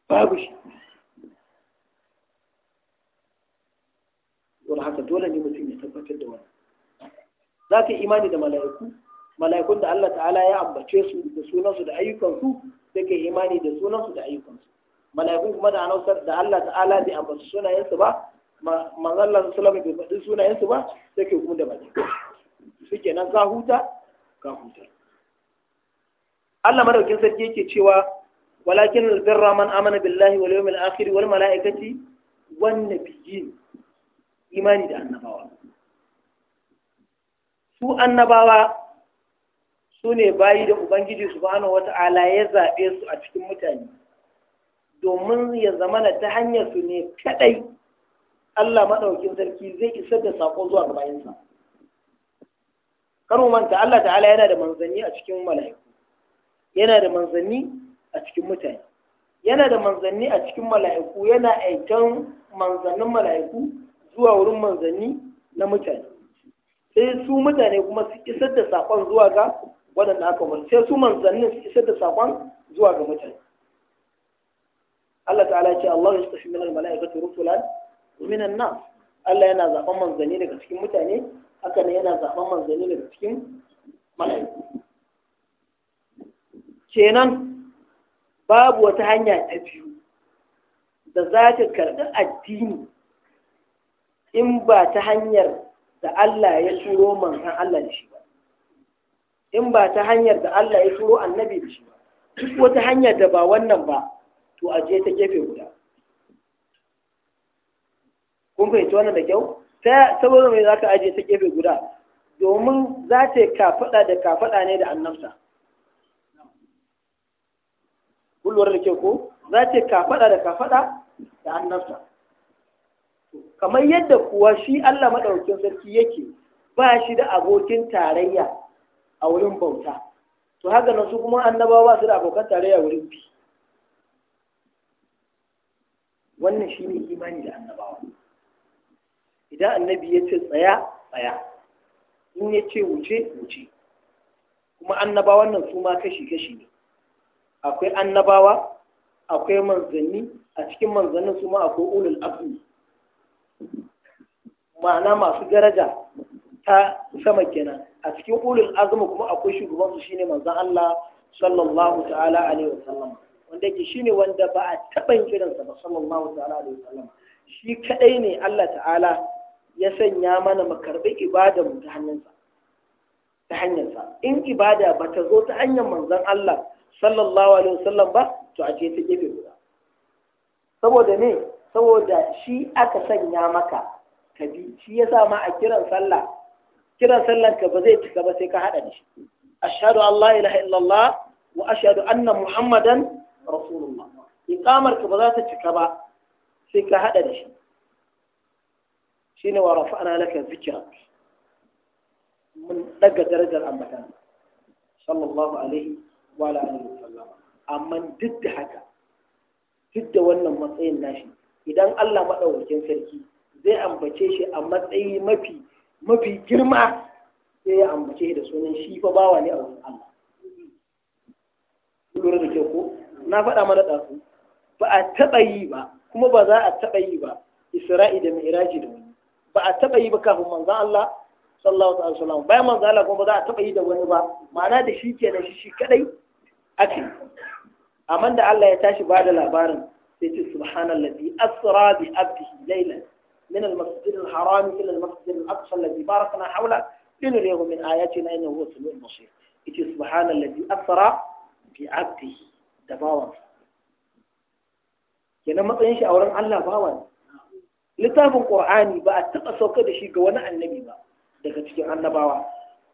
babu shi don haka dole ne mutum ya tabbatar da wannan za ka yi imani da mala'iku mala'ikun da Allah ta'ala ya ambace su da sunansu da ayyukansu sai ka yi imani da sunansu da ayyukansu mala'ikun kuma da anausar da Allah ta'ala bai ambace sunayensu ba manzo Allah sallallahu alaihi bai faɗi sunayensu ba sai ka kuma da baki shike nan ka huta ka huta Allah madaukin sarki yake cewa walakin albirra man amana billahi wal yawmil akhir wal mala'ikati wan nabiyyin imani da annabawa su annabawa su ne bayi da ubangiji subhanahu wata'ala ya zaɓe su a cikin mutane domin ya zamana ta hanyar su ne kadai Allah maɗaukin sarki zai isar da saƙo zuwa ga bayansa kar mu manta Allah ta'ala yana da manzanni a cikin mala'iku yana da manzanni a cikin mutane yana da manzanni a cikin mala'iku yana aikan manzannin mala'iku zuwa wurin manzanni na mutane sai su mutane kuma su isar da saƙon zuwa ga waɗanda aka wani sai su manzannin su isar da saƙon zuwa ga mutane Allah ta'ala ce Allah ya tafi minal mala'ikatu rusulan wa minan nas Allah yana zaɓen manzanni daga cikin mutane haka ne yana zaɓen manzanni daga cikin mala'iku kenan babu wata hanya ta biyu da za ta karɓi addini in ba ta hanyar da Allah ya turo manzan Allah da shi ba in ba ta hanyar da Allah ya turo annabi da shi ba duk wata hanyar da ba wannan ba to a je ta gefe guda kun fahimci wannan da kyau ta saboda mai zaka aje ta gefe guda domin za ta kafada da kafaɗa ne da annabta kullum da ke ko za ta kafada da kafaɗa da annabta kamar yadda kuwa shi Allah maɗaukin sarki yake ba shi da abokin tarayya a wurin bauta to haka nan su kuma annabawa ba su da abokan tarayya wurin bi wannan shi ne imani da annabawa idan annabi ya ce tsaya tsaya in ya ce wuce wuce kuma annabawan nan su ma kashi kashi ne akwai annabawa akwai manzanni a cikin manzannin su ma akwai ulul azmi ma'ana masu daraja ta sama kenan a cikin ulul azumi kuma akwai shugaban su shine manzon Allah sallallahu ta'ala alaihi wasallam wanda yake shine wanda ba a taɓa yin sa ba sallallahu ta'ala alaihi wasallam shi kadai ne Allah ta'ala ya sanya mana mu karbi ibada mu ta sa ta hanyarsa in ibada ba ta zo ta hanyar manzon Allah sallallahu alaihi wasallam ba to a ce ta gefe guda saboda ne saboda shi aka sanya maka ka bi shi yasa ma a kiran sallah kiran sallan ka ba zai cika ba sai ka haɗa da shi ashhadu an la ilaha illallah wa ashhadu anna muhammadan rasulullah iqamar ka ba za ta cika ba sai ka haɗa da shi shine wa rafa'na laka zikra mun daga darajar ambatan sallallahu alaihi wa alihi wa sallam amma duk da haka duk da wannan matsayin nashi idan Allah maɗaukakin sarki zai ambace shi a matsayi mafi mafi girma sai ya ambace shi da sunan shi fa bawa ne a wurin Allah lura da ko na faɗa mana ɗazu ba a taɓa yi ba kuma ba za a taɓa yi ba isra'i da mi'raji da wani ba a taɓa yi ba kafin manzon Allah sallallahu alaihi wasallam bayan manzon Allah kuma ba za a taɓa yi da wani ba ma'ana da shi kenan shi shi kadai ake amma da Allah ya tashi ba da labarin sai ce subhanallazi asra bi abdihi laylan min al-masjid al-haram ila al-masjid al-aqsa alladhi barakna hawla linuriyahu min ayatina innahu huwa samiul basir yace subhanallazi asra bi abdihi da bawan kenan matsayin shi a wurin Allah bawan littafin qur'ani ba a taba sauka da shi ga wani annabi ba daga cikin annabawa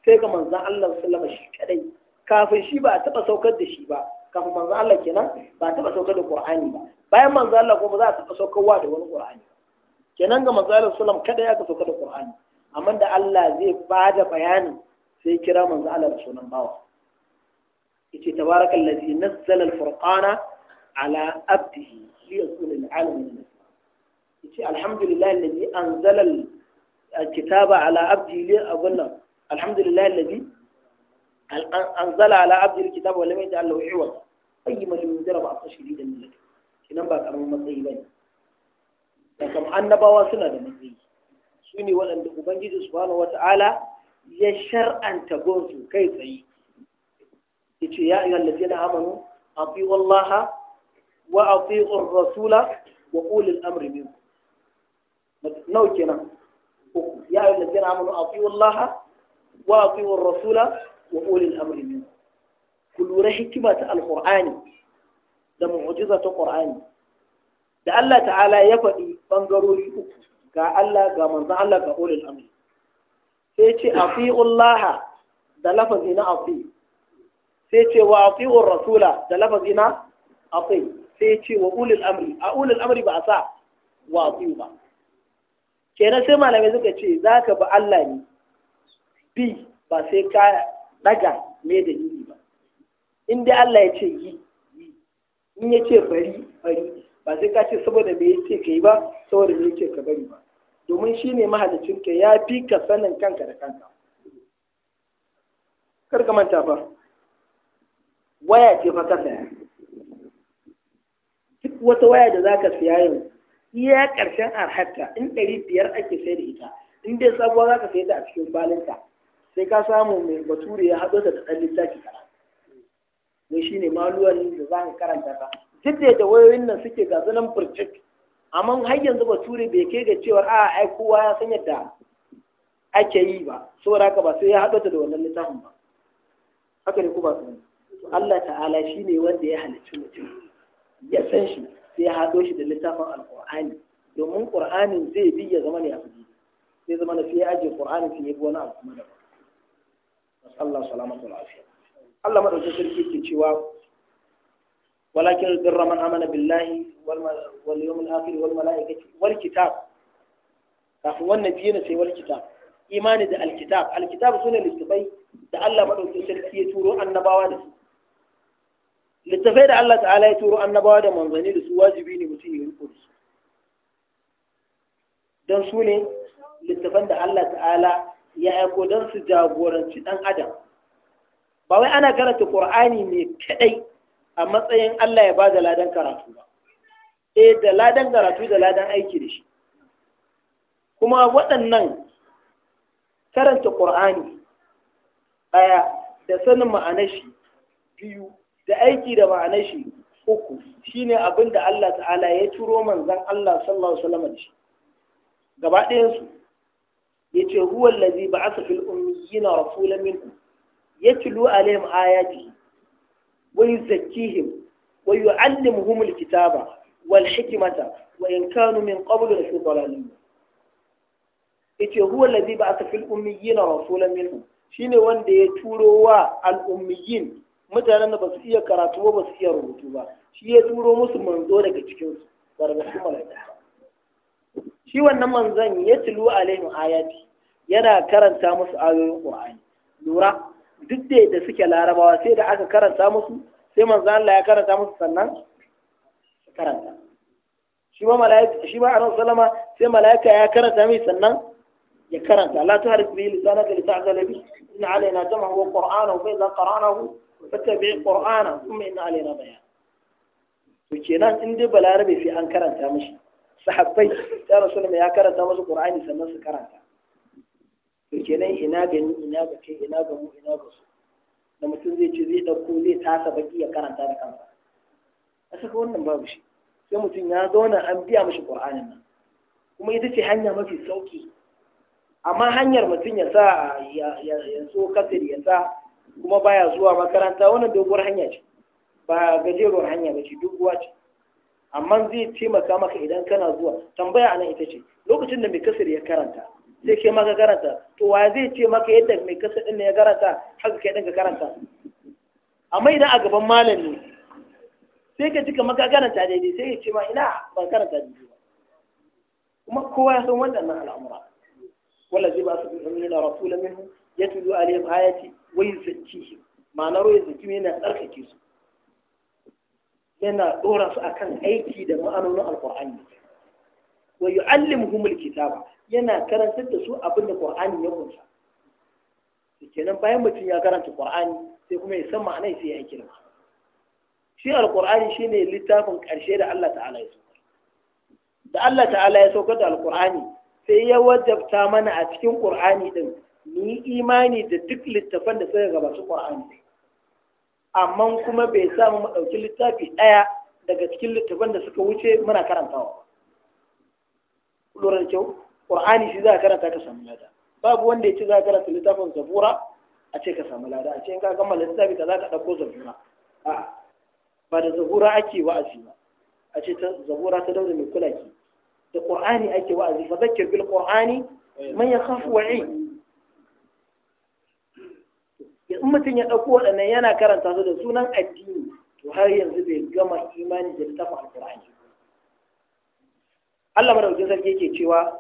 sai ga manzon Allah sallallahu alaihi wasallam shi kadai kafin shi ba a taba saukar da shi ba kafin manzo Allah kenan ba taɓa saukar da Qur'ani ba bayan manzo Allah kuma za a taɓa saukarwa da wani Qur'ani kenan ga manzo Allah sallam kada ya ka saukar da Qur'ani amma da Allah zai bada bayani sai kira manzo Allah da sunan bawa yace tabarakallazi nazzala al-furqana ala abdihi liyakuna lil-alamin yace alhamdulillah alladhi anzala al-kitaba ala abdihi li abunna alhamdulillah alladhi anzala ala abdil kitab wa lam yaj'al lahu iwaj qayyima li yunzira ba'sa shadidan min ladun kinan ba karamin matsayi bane da kam annabawa suna da matsayi su ne waɗanda ubangiji subhanahu wata'ala ya shar'anta gonsu kai tsaye yace ya ayyuhal ladina amanu atiu allaha wa atiu ar-rasula wa ulil amri minkum nau kenan ya ayyuhal wa rasula wa ulil amri min ku lura hikima ta alqur'ani da mu'jiza ta qur'ani da Allah ta'ala ya faɗi bangarori uku ga Allah ga manzon Allah ga ulil amri sai ce afi'ullaha da lafazi na afi sai ce wa afi'ur rasula da lafazi na afi sai ce wa ulil amri a ulil amri ba a sa wa afi'u ba kenan sai malamai suka ce za ka bi Allah ni bi ba sai ka ɗaga me da yi ba in dai Allah ya ce yi yi in ya ce bari bari ba sai kace saboda me ya ce ka yi ba saboda me ya ce ka bari ba domin shi ne mahalicinka ya fi ka sanin kanka da kanka kar ka manta ba waya ce fa ka saya duk wata waya da za ka siya yau iya ƙarshen arhatta in ɗari biyar ake sai da ita in dai sabuwa za ka sai da a cikin balinta sai ka samu mai bature ya haɗo da ɗan littafi kana ne shi ne maluwar da za ka karanta ba duk da yadda wayoyin nan suke ga zanen burjik amma har yanzu bature bai kai ga cewa a ai kowa ya san yadda ake yi ba saboda haka ba sai ya haɗo da wannan littafin ba haka ne ku ba su Allah ta'ala shi ne wanda ya halicci mutum ya san shi sai ya haɗo shi da littafin alƙur'ani domin ƙur'anin zai bi ya zama ne a fili zai zama na sai ya ajiye ƙur'anin sai ya bi wani abu kuma daban Allah salamatu lafiya Allah madaukakin sarki ke cewa walakin birra man amana billahi wal yawmil akhir wal malaikati wal kitab kafin wannan biyu na sai wal kitab imani da alkitab alkitab sune littafai da Allah madaukakin sarki ya turo annabawa da su littafai da Allah ta'ala ya turo annabawa da manzanni da su wajibi ne mutum ya riko da su don su ne littafan da Allah ta'ala ya aiko don su jagoranci ɗan adam ba wai ana karanta ƙur'ani ne kaɗai a matsayin Allah ya ba da ladan karatu ba eh da ladan karatu da ladan aiki da shi kuma waɗannan karanta ƙur'ani ɗaya da sanin ma'anar biyu da aiki da ma'anar shi uku shine abin da Allah ta'ala ya turo manzon Allah sallallahu alaihi wasallam da shi gaba ɗayan yace huwa allazi ba'atha fil ummiyina rasulan minhum yatlu alaihim ayati wa yuzakkihim wa yu'allimuhum alkitaba wal hikmata wa in kanu min qablu lafi dhalalin yace huwa allazi ba'atha fil ummiyina rasulan minhum shine wanda ya turo wa al'ummiyin mutanen da ba su iya karatu ba ba su iya rubutu ba shi ya turo musu manzo daga cikinsu daga cikin mala'ika shi wannan manzon ya tilu alaihim ayati yana karanta musu ayoyin qur'ani lura duk da yadda suke larabawa sai da aka karanta musu sai manzon Allah ya karanta musu sannan karanta shi ma mala'ika shi ma annabi sallama sai mala'ika ya karanta mai sannan ya karanta la tuharrik bi lisanaka lita'zala bi inna alaina jam'ahu wa qur'ana fa idza qara'nahu fattabi qur'ana thumma inna alaina bayan to kenan in dai balarabe sai an karanta mishi sahabbai ya ne ya karanta musu qur'ani sannan su karanta to kenan ina ga ni ina ga ke ina ga mu ina ga su da mutum zai ci zai dauko zai tasa baki ya karanta da kansa a saka wannan babu shi sai mutum ya zauna an biya mishi qur'anin nan kuma ita ce hanya mafi sauki amma hanyar mutum ya sa ya so kasir ya sa kuma baya zuwa makaranta wannan doguwar hanya ce ba gajeruwar hanya ba ce doguwa ce amma zai taimaka maka idan kana zuwa tambaya anan ita ce lokacin da mai kasar ya karanta sai ke maka karanta to wa zai ce maka yadda mai kasar din ya karanta haka kai din ka karanta amma idan a gaban malam ne sai ka ji maka ka karanta daidai sai ya ce ma ina ban karanta daidai ba kuma kowa ya san na al'amura wala zai ba su mu'minina rasulan minhu yatlu alayhi ayati wa yuzakkihim ma'anar yuzakkihim yana tsarkake su yana ɗora su akan aiki da ma'anonin alƙur'ani wa yu'allimuhum alkitaba yana karantar da su abin da qur'ani ya kunsa kenan bayan mutum ya karanta qur'ani sai kuma ya san ma'anai sai ya yi da shi alqur'ani shine littafin ƙarshe da Allah ta'ala ya saukar da Allah ta'ala ya saukar da alqur'ani sai ya wajabta mana a cikin qur'ani din ni imani da duk littafan da suka gabaci qur'ani amma kuma bai samu mu ɗauki littafi ɗaya daga cikin littafan da suka wuce muna karantawa lura da kyau qur'ani shi za karanta ka samu lada babu wanda ya ce za karanta littafin zabura a ce ka samu lada a ce in ka gama littafi ka za ka ɗauko zabura a'a ba da zabura ake wa'azi ba a ce ta zabura ta daura mai kula ki da qur'ani ake wa'azi fa zakir bil qur'ani man yakhafu wa'i in mutum ya ɗauko waɗannan yana karanta su da sunan addini to har yanzu bai gama imani da littafin alƙur'ani Allah madaukakin sarki yake cewa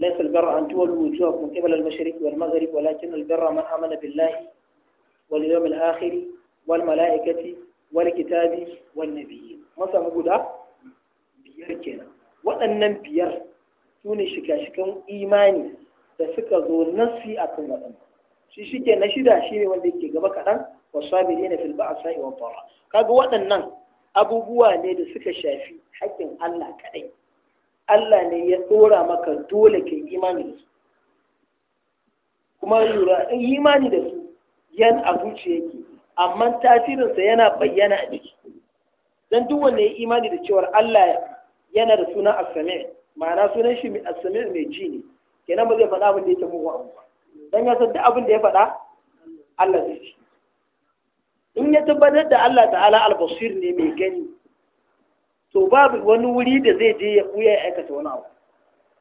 laysa albirra an tuwallu wujuhakum qibla al-mashriq wal maghrib walakin albirra man amana billahi wal yawmil akhir wal mala'ikati wal kitabi wan nabiyyin masa guda biyar kenan waɗannan biyar suna ne shika-shikan imani da suka zo nasi akan waɗannan shi shike na shida shine wanda yake gaba kaɗan wasabirina fil ba'sa'i wa dharra kaga waɗannan abubuwa ne da suka shafi haƙƙin Allah kaɗai Allah ne ya tsora maka dole ke imani da su kuma lura imani da su yan a yake amma tasirinsa yana bayyana a jiki dan duk wanda ya imani da cewar Allah yana da suna as-sami' ma'ana sunan shi as-sami' mai ji ne kenan ba zai faɗa abin da yake mugu abu ba dan ya san duk abin da ya faɗa Allah zai ci in ya tabbatar da Allah ta'ala al-basir ne mai gani to babu wani wuri da zai je ya buya ya aikata wani abu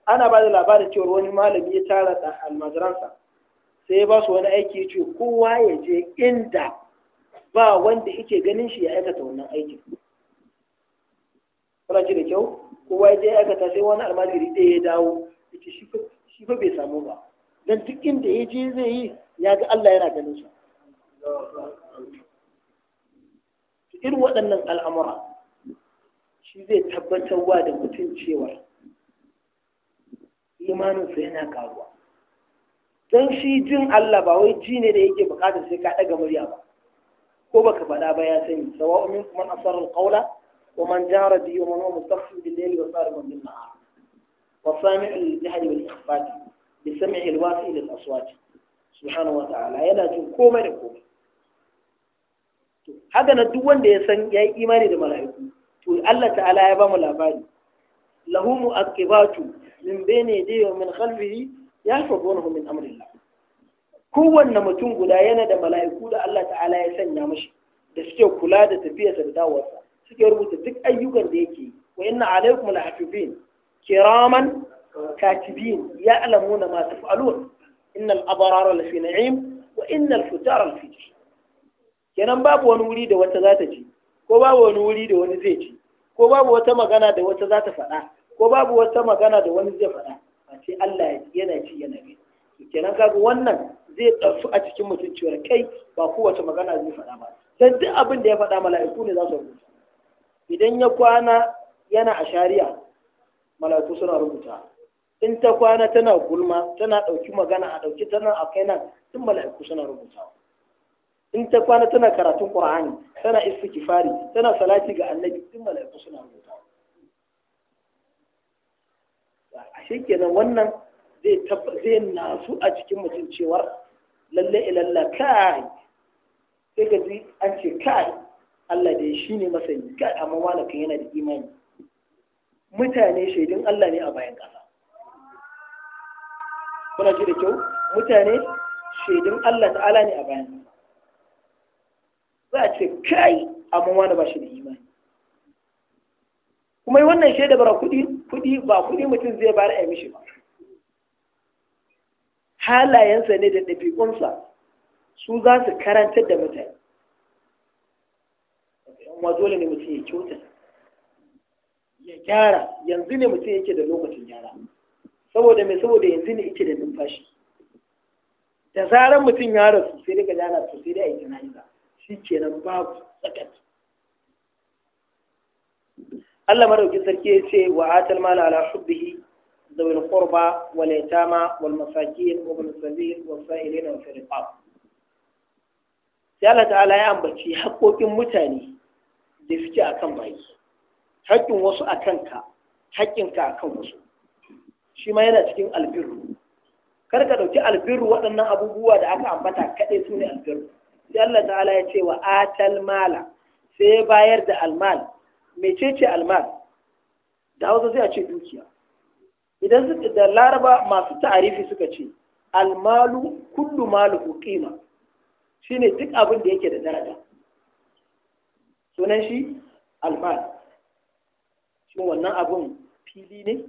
ana ba da labarin cewa wani malami ya tara da almajiransa sai ya ba su wani aiki ya ce kowa ya je inda ba wanda yake ganin shi ya aikata wannan aikin kuna ji da kyau kowa ya je ya aikata sai wani almajiri ɗaya ya dawo ya shi fa bai samu ba dan duk inda ya je zai yi ya ga Allah yana ganin shi irin waɗannan al'amura shi zai tabbatarwa da mutum cewa imaninsa yana karuwa don shi jin Allah ba wai ji ne da yake bukatar sai ka ɗaga murya ba ko baka faɗa ba ya sani sawa minkum man asarra al wa man jahara wa man huwa mustaqbil bil wa sarimun bin-nahar wa sami'u lil-jahri wal-ikhfati bi sam'i alwasi lil aswat subhanahu wa ta'ala yana jin komai da komai haka na duk wanda ya san ya yi imani da mala'iku to Allah ta'ala ya bamu labari Lahumu akibatu, min bayni yadayhi wa min khalfihi yahfazunahu min amrillah kowanne mutum guda yana da mala'iku da Allah ta'ala ya sanya mashi da suke kula da tafiyarsa da dawowarsa suke rubuta duk ayyukan da yake wa inna alaikum lahafifin kiraman katibin ya alamuna ma taf'alun innal abarara lafi na'im wa innal futara lafi kenan babu wani wuri da wata za ta ci ko babu wani wuri da wani zai ji, ko babu wata magana da wata za ta faɗa ko babu wata magana da wani zai faɗa a ce Allah yana ci yana bi kenan kaga wannan zai ɗauki a cikin mutum cewar kai ba kowace magana zai faɗa ba dan duk abin da ya faɗa mala'iku ne za su rubuta idan ya kwana yana a shari'a mala'iku suna rubuta in ta kwana tana gulma tana ɗauki magana a ɗauki tana a kai nan tun mala'iku suna rubutawa in ta kwana tana karatun qur'ani tana istighfari tana salati ga annabi tun mala'iku suna rubutawa ashe kenan wannan zai zai nasu a cikin mutum cewar lalle ilalla kai sai ka ji an ce kai Allah dai shi ne masani kai amma malakin yana da imani mutane shaidun Allah ne a bayan ƙasa kuna ji da kyau mutane shaidun Allah ta'ala ne a bayan za a ce kai amma wani ba shi da imani kuma yi wannan shaida bara kudi kudi ba kudi mutum zai bara ya mishi ba halayensa ne da ɗabi'unsa su za su karantar da mutane amma dole ne mutum ya kyauta ya gyara yanzu ne mutum yake da lokacin gyara saboda mai saboda yanzu ne ike da numfashi da zarar mutum ya rasu sai daga jana to sai dai a yi jana'iza shi kenan babu tsakat Allah madaukin sarki ya ce wa atal mala ala hubbihi zawil qurba wal yatama wal masakin wa ibn sabil wa sa'ilina wa fil sai Allah ta'ala ya ambaci haƙoƙin mutane da suke akan baki haƙƙin wasu akan ka a akan wasu shi ma yana cikin albirru kar ka ɗauki albirru waɗannan abubuwa da aka ambata kaɗai su ne albirru sai Allah ta'ala ya ce wa atal mala sai ya bayar da almal ce almal da hausa sai a ce dukiya idan su da laraba masu ta'arifi suka ce almalu kullu malu qima shine duk abin da yake da daraja sunan shi almal shi wannan abin fili ne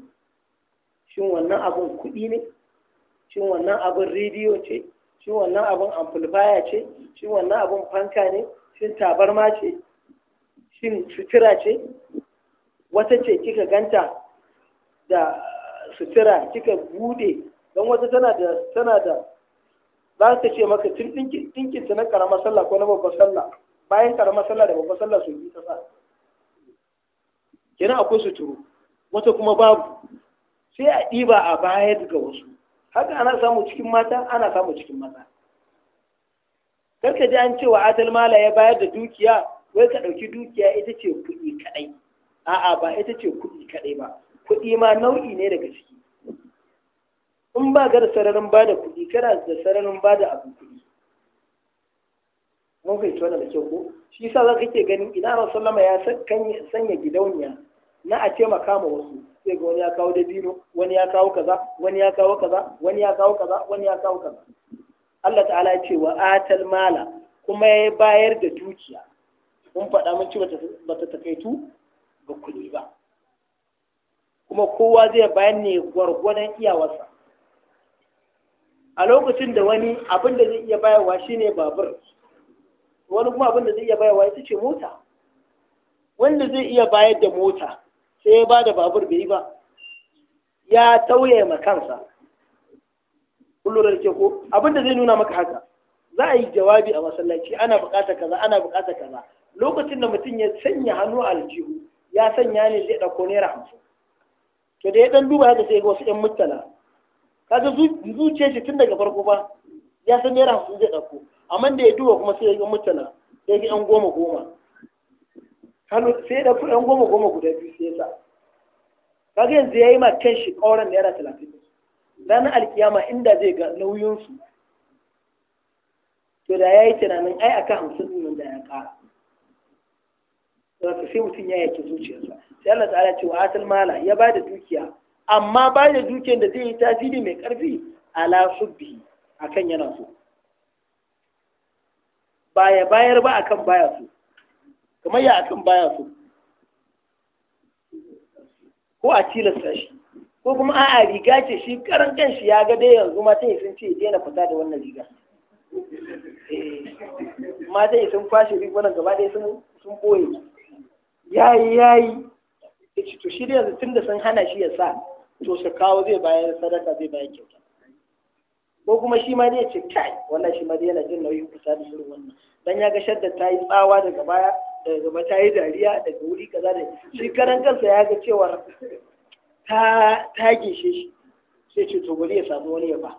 shin wannan abin kuɗi ne shin wannan abin rediyo ce shin wannan abin amplifier ce shin wannan abin fanka ne shin tabarma ce shin sutura ce wata ce kika ganta da sutura kika bude don wata tana da tana da za ta ce maka tun dinkin ta na ƙaramar sallah ko na babbar sallah bayan ƙaramar sallah da babbar sallah su yi ta sa kenan akwai suturu wata kuma babu sai a ɗiba a bayar ga wasu haka ana samu cikin mata ana samu cikin mata karka ji an cewa atal mala ya bayar da dukiya wai ka ɗauki dukiya ita ce kuɗi kaɗai a'a ba ita ce kuɗi kaɗai ba kuɗi ma nau'i ne daga ciki in ba ga da sararin ba da kuɗi kana da sararin ba da abin kuɗi mun fahimci wannan da kyau ko shi yasa za ka ke ganin ina rasulullama ya sanya gidauniya na a taimaka ma wasu sai ga wani ya kawo dabino wani ya kawo kaza wani ya kawo kaza wani ya kawo kaza wani ya kawo kaza Allah ta'ala ya ce wa atal mala kuma ya bayar da dukiya mun faɗa mun ci bata takaitu ba kuɗi ba kuma kowa zai bayan ne gwargwadon iyawarsa a lokacin da wani abin da zai iya bayarwa shine babur wani kuma abin da zai iya bayarwa ita ce mota wanda zai iya bayar da mota sai ya ba da babur bai yi ba ya tauye ma kansa kullum da ko abinda zai nuna maka haka za a yi jawabi a masallaci ana bukata kaza ana bukata kaza lokacin da mutum ya sanya hannu a aljihu ya sanya ne zai ɗauko naira hamsin to da ya ɗan duba haka sai ga wasu yan mutala kaga zuciya shi tun daga farko ba ya san naira hamsin zai ɗauko amma da ya duba kuma sai ya ga mutala sai ga ƴan goma goma hannu sai da kuɗin goma goma guda biyu sai sa kaga yanzu ya yi ma kan shi ƙauran naira talatin ranar alkiyama inda zai ga nauyinsu to da ya yi tunanin ai aka hamsin ɗin da ya ƙara sai mutum ya yake zuciyarsa sai Allah ta'ala ce wa atal mala ya bada dukiya amma bada dukiyar da zai yi tasiri mai ƙarfi ala subbi akan yana so ba ya bayar ba akan baya so kamar ya akan baya so ko a tilasta shi ko kuma a'a riga ce shi karan kanshi ya ga dai yanzu matan ya sun ce ya daina fita da wannan riga eh, matan ya sun kwashe rigunan gaba ɗaya sun boye yayi yayi ya ce to shi da yanzu tun da sun hana shi ya sa to su kawo zai bayar sadaka zai bayar kyauta ko kuma shi ma zai ce kai wannan shi ma yana jin nauyin kusa da irin wannan dan ya ga shaddar ta yi tsawa daga baya daga zama ta yi dariya daga wuri kaza da shi karan kansa ya ga cewa ta ta gishe shi sai ce to bari ya samu wani ya ba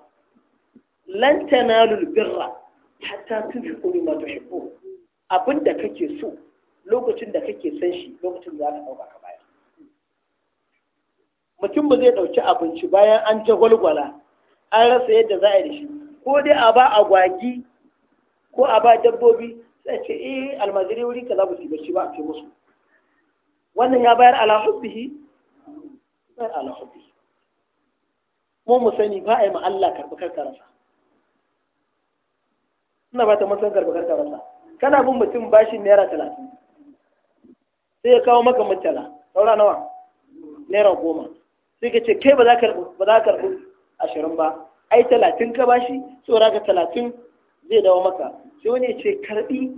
lan tanalul birra hatta tunfiqu mimma tuhibbu abinda kake so lokacin da kake san shi lokacin da za ka dauka ka bayar mutum ba zai dauki abinci bayan an jagwalgwala an rasa yadda za a yi da shi ko dai a ba agwagi ko a ba dabbobi sai ce eh almajiri wuri kaza ba su bacci ba a ce musu wannan ya bayar ala hubbihi bayar ala hubbihi mu mu sani ba ai ma Allah karɓi karkararsa ina ba ta mun san karɓi karkararsa kana bin mutum bashin naira 30 sai ya kawo maka mutala saura nawa naira 10 sai ka ce kai ba za ka ba za ka karɓi 20 ba ai 30 ka bashi saura ka 30 zai dawo maka sai wani ce karbi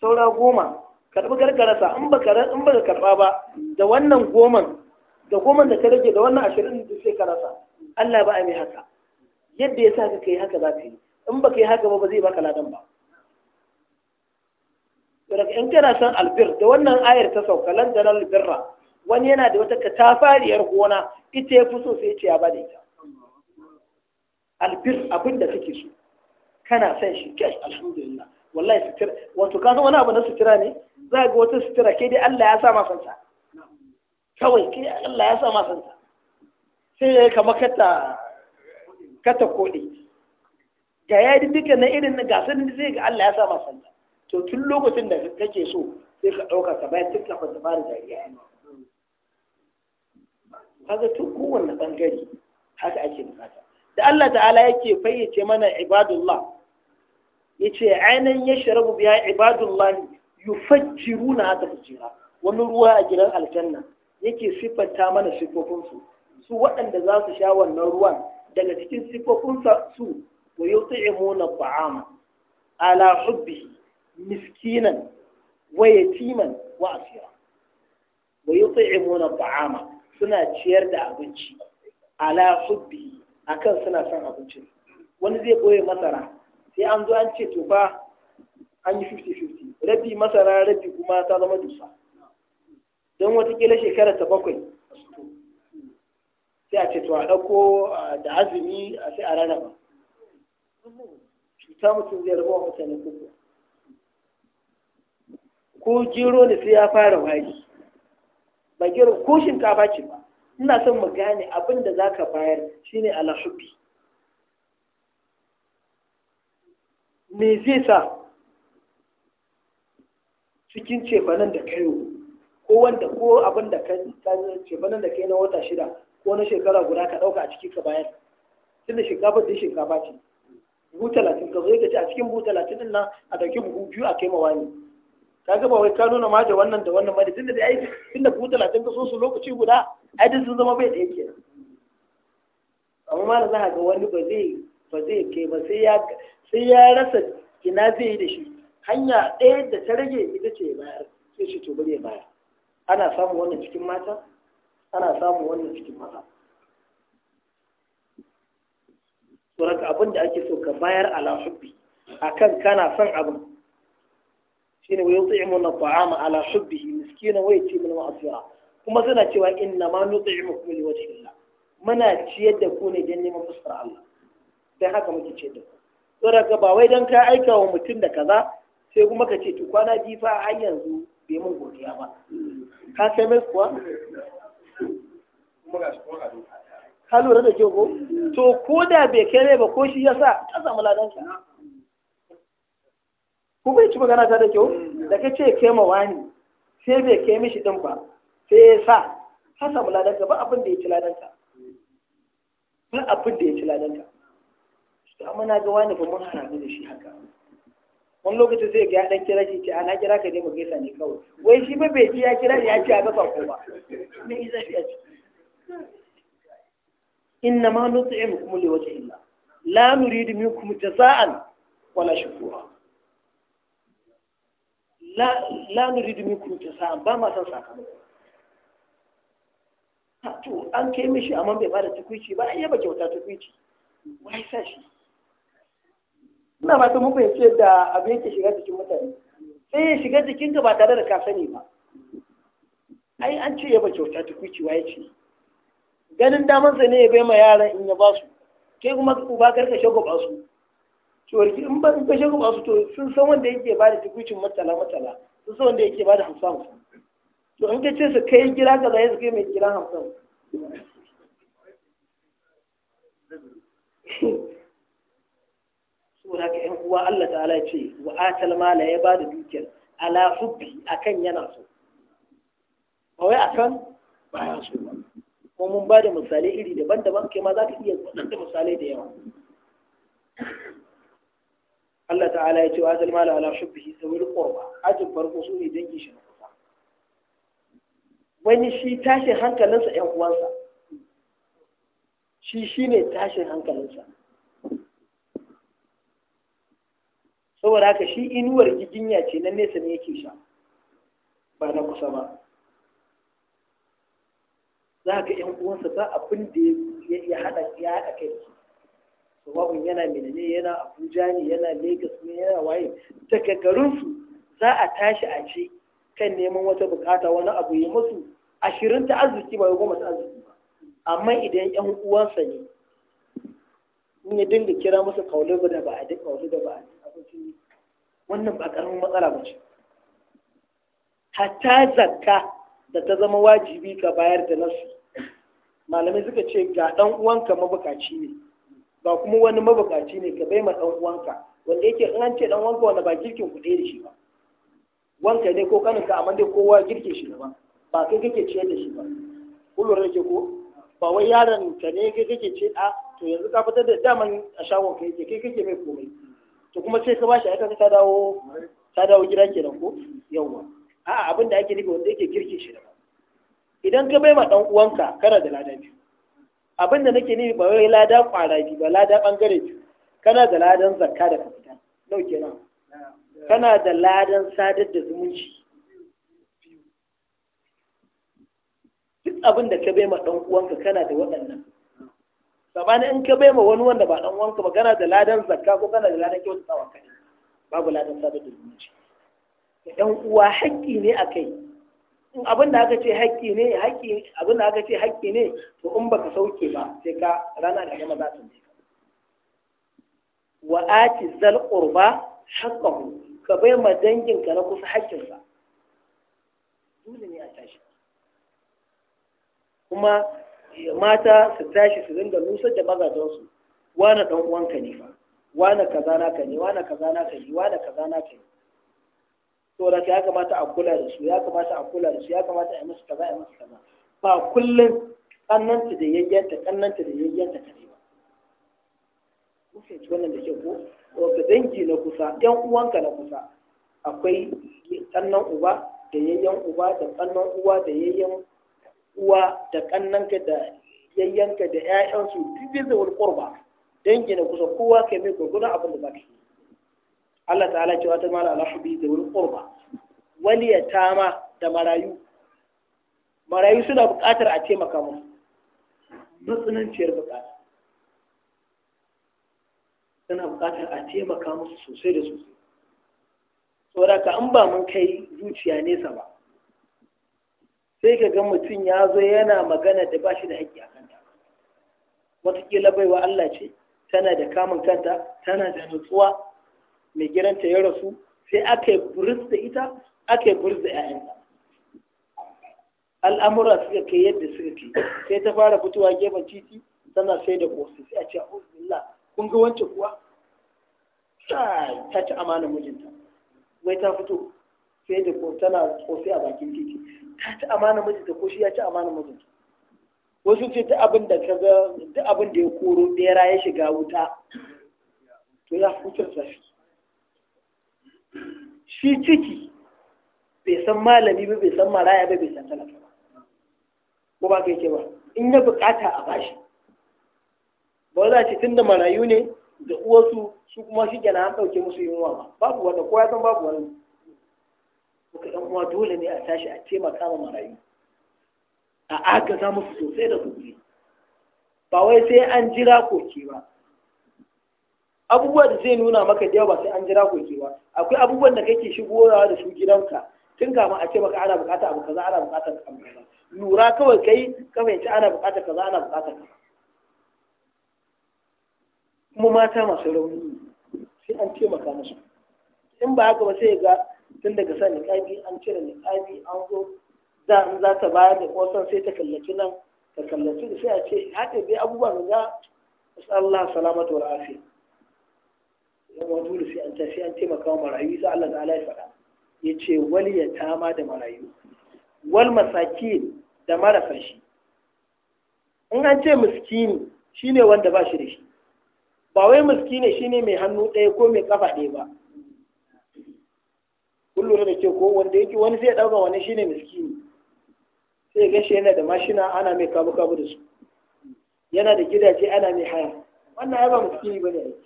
saura goma karbi gargarasa in ba in karba ba da wannan goman da goman da ka rage da wannan ashirin da sai ka rasa Allah ba a mai haka yadda ya sa ka kai haka za ka yi in ba ka yi haka ba ba zai baka ladan ba daga in kana san albir da wannan ayar ta sauka lan da birra wani yana da wata katafariyar gona ita ya fi so sai ya ce ya bada ita albir abin da kake so kana son shi kai alhamdulillah wallahi sutura wato ka san wani abu na sutura ne za ga wata sutura ke dai Allah ya sa ma santa kawai ke Allah ya sa ma santa sai ya kama kata kata kodi ga ya yi duka na irin ga sun sai ga Allah ya sa ma santa to tun lokacin da kake so sai ka dauka ka bayar tun kafin ta fara dariya kaga tun kowanne bangare haka ake bukata da Allah ta'ala yake fayyace mana ibadullah yace ainihin ya sharabu biya ibadullahi yufajjiruna ta kujera." wani ruwa a gidan aljanna yake siffanta mana siffofinsu su waɗanda za su sha wannan ruwan daga cikin siffofinsa su wa yuti'imuna ta'ama ala hubbi miskinan wa yatiman wa asira wa yuti'imuna ta'ama suna ciyar da abinci ala hubbi akan suna son abincin wani zai boye masara sai an zo an ce to fa an yi 50-50 rabi masara rabi kuma ta zama dusa don watakila shekara ta bakwai sai a ce to a ɗauko da azumi a sai a rana ba. cuta mutum zai rabuwa mutane kuku ko gero ne sai ya fara wari ba gero ko shinkafa ce ba ina son mu gane abin da za ka bayar shine alhubbi me zai sa cikin cefanen da kayo ko wanda ko abin da ka cefanen da kai na wata shida ko na shekara guda ka ɗauka a ciki ka bayar tunda shinkafa din shinkafa ce buhu talatin ka zo ka ce a cikin buhu talatin din nan a dauki buhu biyu a kai ma wani ka ga ba wai ka nuna ma da wannan da wannan ba da tunda dai ai tunda buhu talatin ka so su lokaci guda ai duk sun zama bai da yake amma ma za ka ga wani ba zai ba zai kai ba sai ya sai ya rasa ina zai yi da shi hanya ɗaya da ta rage ita ce ya bayar sai shi to bari ya bayar ana samun wannan cikin mata ana samun wannan cikin mata. tsoron abin da ake so ka bayar ala hubbi akan kana son abin shine wai na ta'ama ala hubbihi miskina wai ce wa asira kuma suna cewa inna ma nut'imukum kuma wajhi Allah muna ciyar da ku ne don neman fuskar Allah Sai haka muke ciyar da ku saboda ba wai don ka aika wa mutum da kaza sai kuma ka ce to kwana biyu fa har yanzu bai mun godiya ba ka kai mai kuwa ka lura da kyau ko to ko da bai kai mai ba ko shi sa ka samu ladan ka ko bai ci magana ta da kyau da ka ce kai ma wani sai bai kai mishi din ba sai ya sa ka samu ladan ka ba abin da ya ci ladan ka ba abin da ya ci ladan ka to amma na ga wani ba mun haramu da shi haka wani lokacin sai ga dan kira shi ce ana kira ka je mu gaisa ne kawai wai shi ba bai ji ya kira ya ce a ga sako ba me yi zafi a ci inna ma nut'imukum li wajhi Allah la nuridu minkum jaza'an wala shukura la la nuridu minkum jaza'an ba ma san sakamako to an kai mishi amma bai bada tukuici ba ai yaba kyauta tukuici wai sa shi ina fata mun fahimci yadda abin yake shiga jikin mutane sai ya shiga jikinka ba tare da ka sani ba ai an ce ya ba kyauta kuci ya ce ganin damansa ne ya bai ma yaran in ya ba su ke kuma uba karka ba su ciwarki in ba ka ka ba su to sun san wanda yake ba da tukucin matsala matsala sun san wanda yake ba da hamsan to in ka ce su kai gida ka zai su kai mai gida hamsan saboda da uwa Allah ta'ala ce wa atal mala ya bada dukiyar ala hubbi akan yana so ba wai akan baya so ko mun bada misalai iri daban-daban kai ma za ka iya da misalai da yawa Allah ta'ala ya ce wa atal mala ala hubbi sawil qurba ajin farko su ne dangi shi kusa wani shi tashin hankalinsa yan uwansa shi shine tashin hankalinsa saboda haka shi inuwar giginya ce na nesa ne yake sha ba na kusa ba za ka yan uwansa ba abin da ya haɗa ya haɗa kai yana menene yana abuja ne yana lagos ne yana waye daga garinsu za a tashi a ce kan neman wata bukata wani abu ya musu ashirin ta arziki ba ya goma ta arziki ba amma idan yan uwansa ne in ya dinga kira musu kaule da ba a da ba a wannan ba ƙaramin matsala ba ce hatta zakka da ta zama wajibi ka bayar da nasu malamai suka ce ga ɗan uwanka mabukaci ne ba kuma wani mabukaci ne ka bai ma ɗan uwanka wanda yake in an ce ɗan uwanka wanda ba girkin ku ɗaya da shi ba wanka ne ko ka amma dai kowa girke shi ba ba kai kake ciyar da shi ba kullum rage ko ba wai yaron ka ne kai kake ce a to yanzu ka fitar da daman a shagon ka yake kai kake mai komai to kuma sai ka bashi aikata ta dawo ta dawo gida kenan ko yawwa a'a abin da ake nufi wanda yake girki shi daban idan ka bai ma dan uwanka kana da lada biyu abin da nake nufi ba wai lada kwara biyu ba lada bangare biyu kana da ladan zakka da kafita nau kenan kana da ladan sadar da zumunci duk abin da ka bai ma dan uwanka kana da waɗannan sabani in ka ma wani wanda ba dan wanka ba kana da ladan zakka ko kana da ladan kyautu tsawon kai babu ladan sabu da zumunci dan uwa haƙƙi ne a kai in abin da aka ce haƙƙi ne haƙƙi abin da aka ce haƙƙi ne to in baka sauke ba sai ka rana da gama za ta ne wa ati zal qurba haqqahu ka bai ma dangin ka na kusa haƙƙinsa dole ne a tashi kuma mata su tashi su dinga nusar da mazajensu wane dan uwanka ne fa wane kaza ka ne wane kaza ka ne wane kaza ka ne to da ya kamata a kula da su ya kamata a kula da su ya kamata a yi musu kaza a yi musu kaza ba kullum kannanta da yayyanta kannanta da yayyanta ne ba ku fahimci wannan da ke ko ka dangi na kusa yan uwanka na kusa akwai kannan uba da yayyan uba da kannan uwa da yayyan uwa da kannanka da yayyanka da ƴaƴansu duk da wani qurba dangi na kusa kowa kai mai gurguna abin da baki. Allah ta'ala cewa ta mala alhabi da wani qurba wali yatama da marayu marayu suna buƙatar a taimaka musu matsananciyar buƙata suna buƙatar a taimaka musu sosai da sosai saboda ka an ba mun kai zuciya nesa ba sai ka ga mutum ya zo yana magana da ba shi da haƙƙi a kanta wataƙila baiwa Allah ce tana da kamun kanta tana da nutsuwa mai gidanta ya rasu sai aka yi buris da ita aka yi buris da 'ya'yanta al'amura suka kai yadda suka ke sai ta fara fitowa gefen titi tana sai da ƙosi sai a ce alhamdulillah kun ga wancan kuwa ta ci amanar mijinta wai ta fito sai da tana a bakin titi ta ci amana mijinta ko shi ya ci amana mijinta wasu ce ta abin da kaga ta abin da ya koro ɗera ya shiga wuta to ya da shi shi ciki bai san malami ba bai san maraya ba bai san talaka ko ba kai ce ba in ya bukata a bashi ba za ce tunda marayu ne da uwarsu su kuma shi kenan an ɗauke musu yunwa ba babu wanda ko ya san babu wanda. haka ɗan uwa dole ne a tashi a taimaka ma marayu a agaza musu sosai da sosai ba wai sai an jira koke ba Abubuwan da zai nuna maka da yawa ba sai an jira koke ba akwai abubuwan da kake shigowa da su gidanka tun kama a ce maka ana bukata abu kaza ana bukata abu kaza lura kawai kai ka fahimci ana bukata kaza ana bukata kaza kuma mata masu rauni sai an taimaka musu in ba haka ba sai ga tun daga sa niƙabi an cire niƙabi an zo da in za ta bayar da ƙosan sai ta kallaci nan ta kallaci sai a ce haɗe bai abubuwa da za Allah salamatu wa afiya wani dole sai an ta sai an taimaka wa marayu sai Allah ta'ala ya faɗa ya ce wal ma da marayu wal masakin da mara fashi. in an ce miskini shine wanda ba shi da shi ba wai miskini shine mai hannu ɗaya ko mai kafa ɗaya ba kullum da ke ko wanda yake wani zai ɗauka wani shine miskini sai ga shi yana da mashina ana mai kabu kabu da su yana da gidaje ana mai haya wannan ya ba miskini bane aiki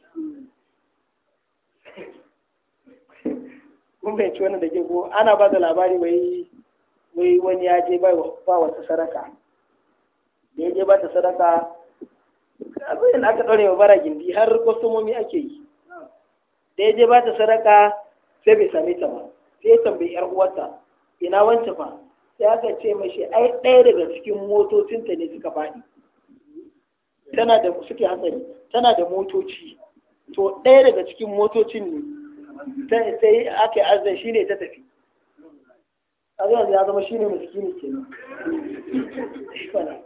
kun ci wannan da ke ko ana ba da labari wai wani ya je ba wata sadaka da ya je ba ta sadaka abin aka ɗaure wa bara gindi har kwastomomi ake yi da ya je ba ta sadaka sai bai same ta ba sai ya tambayi yar uwarta ina wancan fa sai aka ce mashi ai ɗaya daga cikin motocinta ne suka faɗi tana da suke hatsari tana da motoci to ɗaya daga cikin motocin ne sai aka yi arzai shi ne ta tafi a yanzu ya zama shi ne miskini kenan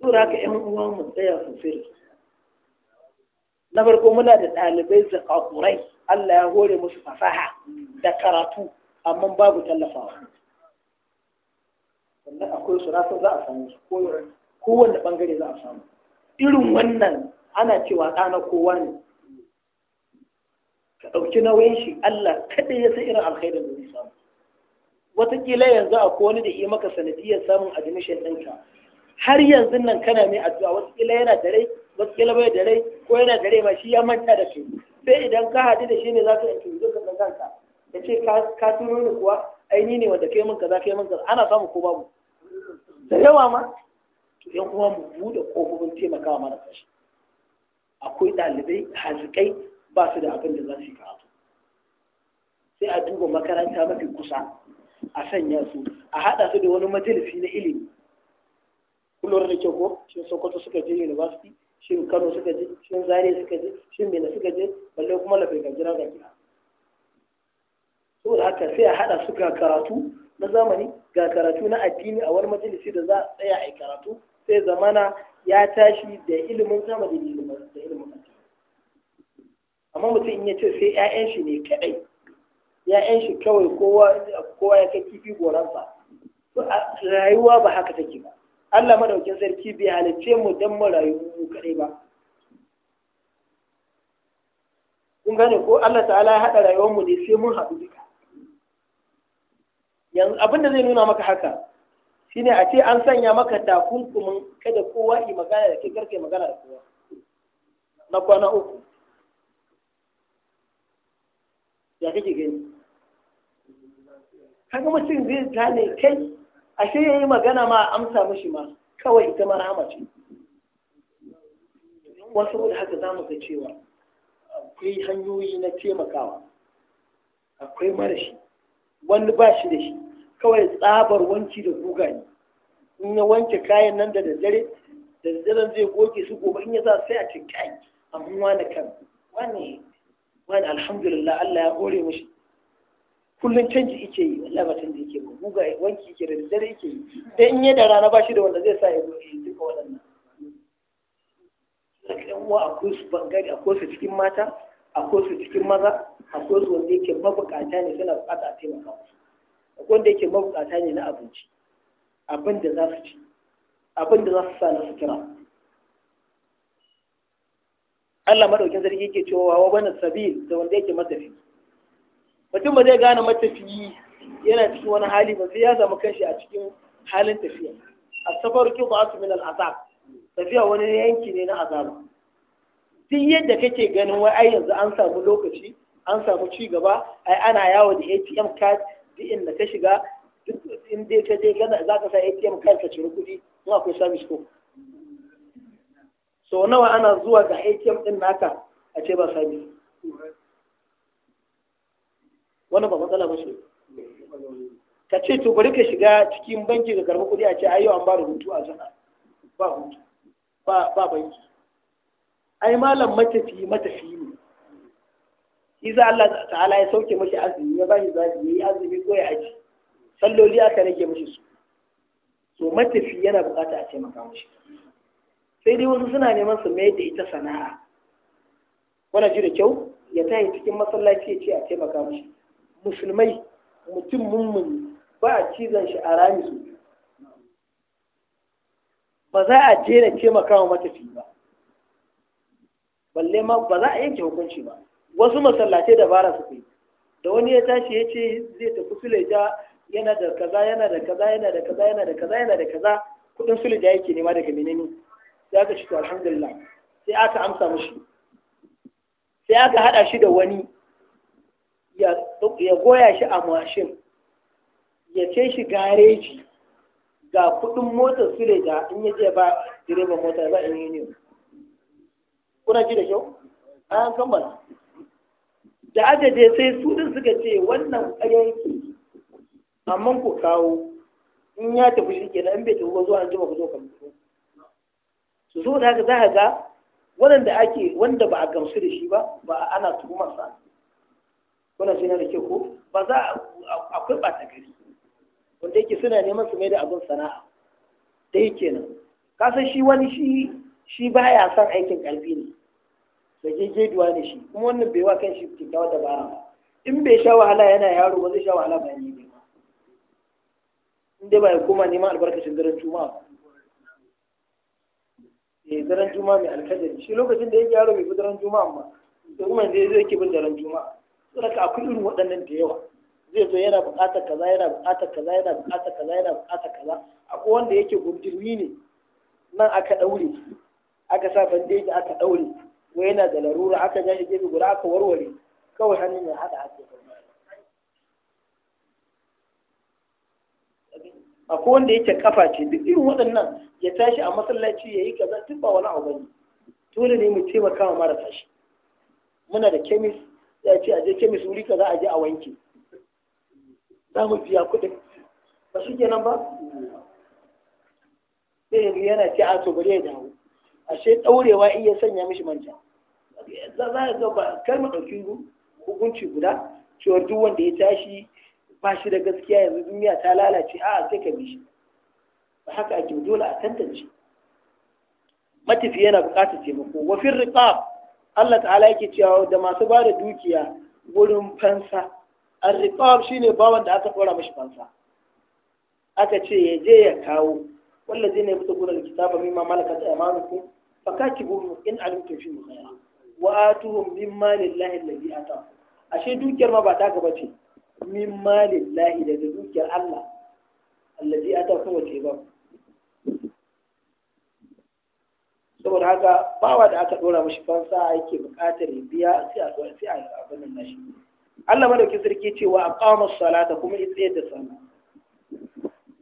Sura ka ‘yan uwa mu tsaya sosai na farko muna da ɗalibai zakakurai Allah ya hore musu fasaha da karatu amma babu tallafawa sannan akwai su rasu za a samu su kowanne bangare za a samu irin wannan ana cewa ɗana kowa ne ka ɗauki nauyin shi Allah kaɗai ya san irin alkhairin da zai samu wataƙila yanzu a wani da iya maka sanadiyar samun admission ɗinka har yanzu nan kana mai addu'a wataƙila yana da rai wata bai da rai ko yana da rai ba shi ya manta da su sai idan ka haɗu da shi ne za ka yi tuzo ka kanka ya ce ka turo ni kuwa aini ne wanda kai min kaza kai min kaza ana samu ko babu da yawa ma to yan kuma mu buɗe kofofin taimakawa mana kashi akwai ɗalibai hazikai ba su da abin da za su yi karatu sai a duba makaranta mafi kusa a sanya su a haɗa su da wani majalisi na ilimi kullum da kyau ko shi sokoto suka je university shin kano suka ji shin zare suka ji shin mena suka je balle kuma lafi ga jira ga gida saboda haka sai a haɗa su ga karatu na zamani ga karatu na addini a wani majalisi da za a tsaya a yi karatu sai zamana ya tashi da ilimin sama da ilimin da ilimin addini amma mutum in ya ce sai 'ya'yan shi ne kaɗai 'ya'yan shi kawai kowa ya kai kifi goransa rayuwa ba haka take ba Allah madaukin sarki bai halicce mu dan mu rayu mu kaɗai ba kun gane ko Allah ta'ala ya haɗa rayuwar mu ne sai mun haɗu duka yanzu abin da zai nuna maka haka shine a ce an sanya maka takunkumin kada kowa yi magana da ke karkai magana da kowa na kwana uku ya kake gani kaga mutum zai gane kai ashe ya yi magana ma amsa mashi ma kawai ita marhama ce wasu da haka za mu ga cewa akwai hanyoyi na taimakawa akwai marashi wani ba shi da shi kawai tsabar wanki da guga ne in ya wanke kayan nan da daddare da daddare zai goge su gobe in ya sa sai a ce kai amma wani kan wani alhamdulillah Allah ya hore mashi. kullum canji yake yi wallahi ba canji yake ba guga wanki yake da daddare yake yi dan in yi da rana ba shi da wanda zai sa ya zo ya duka waɗannan yan uwa a su bangare a su cikin mata a su cikin maza a su wanda yake mabukata ne suna bukata a taimaka musu akwai wanda yake mabukata ne na abinci abin da za su ci abin da za su sa na sutura Allah madaukin sarki yake cewa wa bana sabil da wanda yake madafi mutum ba zai gane matafiyi yana cikin wani hali ba sai ya samu kanshi a cikin halin tafiya A safar ki ba su min al'azab tafiya wani yanki ne na azaba duk yadda kake ganin wai ai yanzu an samu lokaci an samu ci gaba ai ana yawo da ATM card duk inda ka shiga duk in dai ka je kana za ka sa ATM card ka ciro kuɗi in akwai service ko so nawa ana zuwa ga ATM din naka a ce ba service wannan ba matsala ba shi ka ce to bari ka shiga cikin banki ka karɓi kuɗi a ce ai yau an ba da hutu a sana ba hutu ba banki ai malam matafi matafi ne iza Allah ta'ala ya sauke mashi azumi ya ba shi zaɓi yayi azumi ko ya aji salloli aka rage mashi su To matafi yana bukata a taimaka mashi sai dai wasu suna neman su mai da ita sana'a wani ji da kyau ya tayi cikin masallaci ya ce a taimaka mashi musulmai mutum mummun ba a cizon shi a rami su ba za a je ce makawa matafi ba balle ma ba za a yanke hukunci ba wasu masallatai dabara su kai da wani ya tashi ya ce zai tafi sulaja yana da kaza yana da kaza yana da kaza yana da kaza yana da kaza kudin sulaja yake nema daga menene sai aka ci to alhamdulillah sai aka amsa mushi sai aka hada shi da wani ya goya shi a mashin ya ce shi gareji ga kudin motar su da in ya ce ba direban mota ba in yi ne kuna ji da kyau a an kammala da je sai su din suka ce wannan ƙarya yake amma ku kawo in ya tafi shi ke in bai tafi ba zuwa an jima ku zo ka mutu su zo da haka za a ga waɗanda ake wanda ba a gamsu da shi ba ba ana sa. kuna jina da ke ko ba za a akwai ɓata gari wanda yake suna neman su mai da abin sana'a da yake nan kasa shi wani shi shi ya son aikin ƙarfi ne da gegeduwa ne shi kuma wannan bai wa kan shi kyakkyawar da ba in bai sha wahala yana yaro ba zai sha wahala ba yi ba in dai ba ya koma neman albarkacin daren juma'a eh daren juma'a mai alkadari shi lokacin da yake yaro mai fi daren juma'a ba da kuma yanzu zai ke bin daren juma'a saboda akwai irin waɗannan da yawa zai zo yana buƙatar kaza yana buƙatar kaza yana buƙatar kaza yana buƙatar kaza akwai wanda yake gundurmi ne nan aka ɗaure aka sa bandeji aka ɗaure wai yana da larura aka ja shi gefe guda aka warware kawai hannun ya haɗa ake akwai wanda yake kafa ce duk irin waɗannan ya tashi a masallaci ya yi kaza duk ba wani abu ne dole ne mu taimaka wa marasa shi muna da kemis ya ce a je kemis wuri ka za a je a wanke za mu biya kuɗin ba su kenan ba sai yanzu yana ce a to bari ya dawo ashe ɗaurewa in ya sanya mishi manja za a ga ba kar mu ɗauki hukunci guda cewa duk wanda ya tashi ba shi da gaskiya yanzu duniya ta lalace a sai ka bi shi ba haka ake dole a tantance matafiya yana buƙatar taimako wafin riƙa Allah ta'ala yake cewa da masu ba da dukiya wurin fansa arriqab shine bawan da aka dora mashi fansa aka ce ya je ya kawo wallazi ne mutu gurin kitaba mimma malakat ki fakatibuhum in alimtum fi khaira wa atuhum mimma lillahi alladhi ataku ashe dukiyar ma ba ta gaba ce mimma lillahi daga dukiyar Allah alladhi kuma ce ba saboda haka bawa da aka dora mashi fansa yake buƙatar biya sai a dora sai a abin nan nashi Allah madauki sarki cewa aqama salata kuma ya tsayar da sallah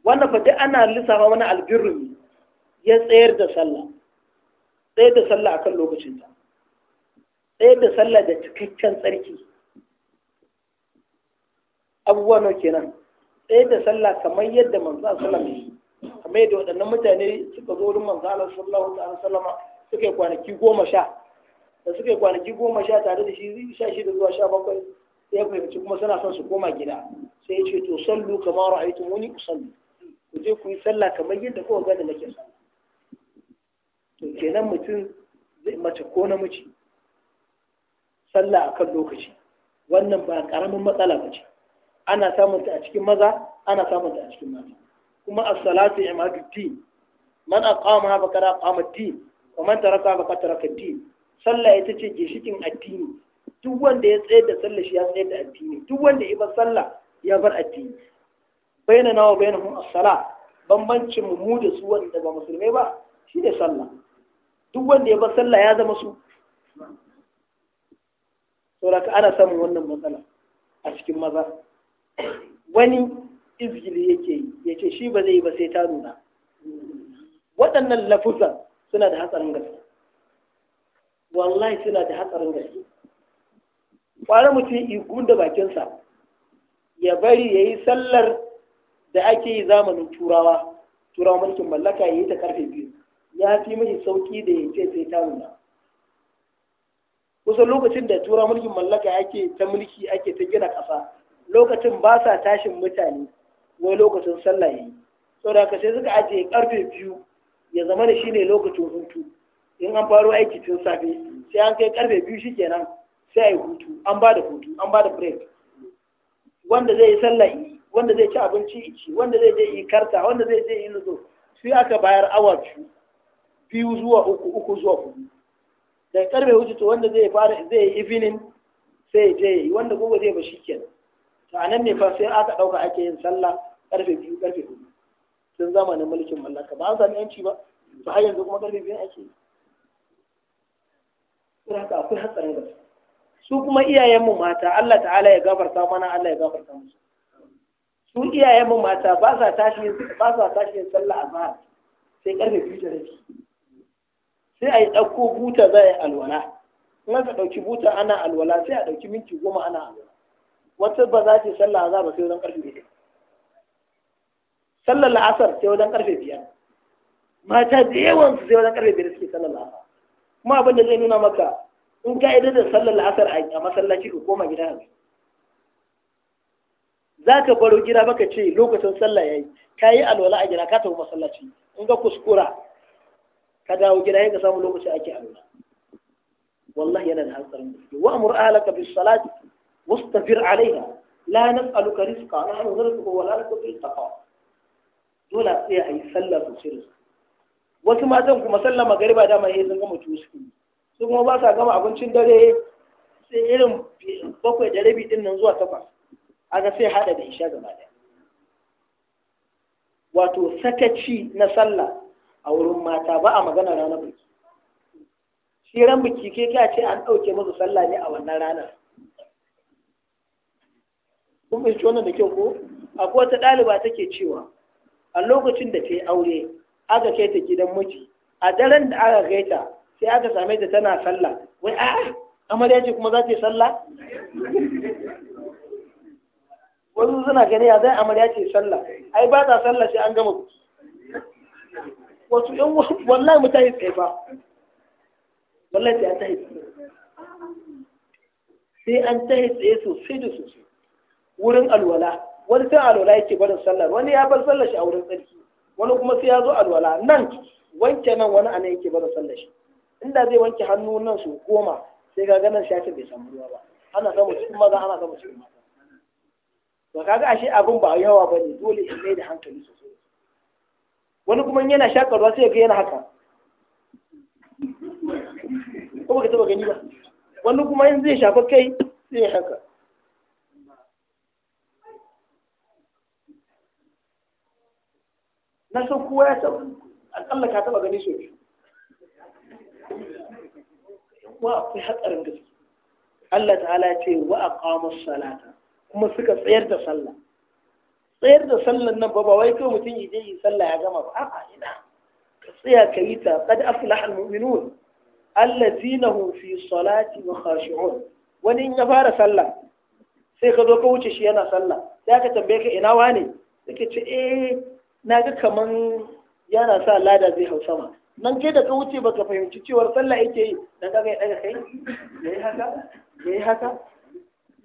wannan fa duk ana lissafa wani albirru ya tsayar da sallah tsayar da sallah akan lokacinta tsayar da sallah da cikakken tsarki abubuwa nawa kenan tsayar da sallah kamar yadda manzo sallallahu alaihi wasallam kamar yadda waɗannan mutane suka zo wurin manzo Allah sallallahu alaihi wasallam suka suke kwanaki goma sha da suka kwanaki goma sha tare da shi sha da zuwa sha bakwai sai ya fahimci kuma suna son su koma gida sai ya ce to sallu kamar ra'aytumuni usalli ku je ku yi sallah kamar yadda kowa gani nake sallah to kenan mutum zai mace ko namiji sallah akan lokaci wannan ba karamin matsala ba ce ana samunta a cikin maza ana samunta a cikin mata kuma as-salatu imadu din man aqama fa kada aqama din wa man taraka fa kada taraka din sallah ita ce gishikin addini duk wanda ya tsayar da sallah shi ya tsayar da addini duk wanda ya bar sallah ya bar addini baina nawa hum as-sala bambancin mu da su wanda ba musulmai ba shi ne sallah duk wanda ya bar sallah ya zama su saboda ana samun wannan matsala a cikin maza wani izgili yake yi ya ce shi ba zai yi ba sai ta nuna waɗannan lafusa suna da hatsarin gaske wallahi suna da hatsarin gaske ƙwarar mutum igun da bakinsa ya bari ya yi sallar da ake yi zamanin turawa turawa mulkin mallaka ya yi ta karfe biyu ya fi mai sauƙi da ya ce sai ta nuna kusan lokacin da turawa mulkin mallaka ake ta mulki ake ta gina ƙasa lokacin ba sa tashin mutane wai lokacin sallah yayi saboda ka sai suka ajiye karfe biyu ya zama da shine lokacin hutu in an faro aiki tun safe sai an kai karfe biyu shikenan sai ai hutu an ba da hutu an ba da break wanda zai yi sallah yi wanda zai ci abinci ci wanda zai je yi karta wanda zai je yi nuzo sai aka bayar awa biyu biyu zuwa uku uku zuwa hudu da karfe hutu to wanda zai fara zai yi evening sai je yi wanda gobe zai ba shikenan to anan ne fa sai aka ɗauka ake yin sallah ƙarfe biyu ƙarfe hudu tun zamanin mulkin mallaka ba an sami yanci ba to har yanzu kuma ƙarfe biyu ake yi ka haka akwai hatsarin gaske su kuma iyayenmu mata Allah ta'ala ya gafarta mana Allah ya gafarta musu su iyayenmu mata ba sa tashi ba sa tashi yin sallah azhar sai ƙarfe biyu da rabi sai a yi ɗauko buta za a yi alwala in aka ɗauki buta ana alwala sai a ɗauki minti goma ana alwala wata ba za ta yi sallah azhar ba sai wajen karfe biyar sallar la'asar sai wajen karfe biyar mata da yawan su sai wajen karfe biyar suke sallar la'asar kuma abin da zai nuna maka in ka idar da sallar la'asar a masallaci ka koma gida yanzu za ka baro gida baka ce lokacin sallah ya yi ka yi alwala a gida ka tafi masallaci in ka kuskura ka dawo gida ya ka samu lokaci ake alwala wallahi yana da hatsarin gaske wa'amur amur ahlaka bis salati واستفر عليها لا نسألك رزقا نحن نرزقه ولا لك في التقوى dole sai a yi sallah sosai da su wasu matan kuma sallama magariba da ya sun gama tuwo suke su kuma ba sa gama abincin dare sai irin bakwai da rabi din nan zuwa takwas aga sai hada da isha gaba daya wato sakaci na sallah a wurin mata ba a magana ranar biki shi ran biki ke ka ce an ɗauke musu sallah ne a wannan ranar kun fahimci wannan da kyau ko akwai wata ɗaliba take cewa a lokacin da ta yi aure aka kai ta gidan miji a daren da aka kai ta sai aka same ta tana sallah wai a'a amarya ce kuma za ta yi sallah wasu suna gani ya zai amarya ce sallah ai ba ta sallah sai an gama ku. wasu yan wallahi mu ta yi tsaye ba wallahi sai an ta yi tsaye sai an ta yi tsaye sosai da sosai wurin alwala wani sai alwala yake barin sallar wani ya bar sallar shi a wurin tsarki wani kuma sai ya zo alwala nan wanke nan wani anan yake barin sallar shi inda zai wanke hannu nan su goma sai ga ganin shafin bai samu ruwa ba ana samu cikin maza ana samu cikin mata to kaga ashe abin ba yawa ba ne dole in mai da hankali sosai wani kuma yana shakar ruwa sai ga yana haka ko baka taba gani ba wani kuma in zai shafa kai sai ya haka na san kowa ya san akalla ka taba gani sau biyu wa akwai hatsarin gaske Allah ta'ala ya ce wa aqamus salata kuma suka tsayar da sallah tsayar da sallan nan ba ba wai kai mutum yaje yi sallah ya gama ba a'a ina ka tsaya ka yi ta qad aflaha almu'minun allazina hum fi salati khashi'un wani in ya fara sallah sai ka zo ka wuce shi yana sallah sai ka tambaye ka ina wane yake ce eh na ga kaman yana sa lada zai hau sama nan kai da ka wuce baka fahimci cewar sallah yake yi dan ga ya daga kai yayi haka yayi haka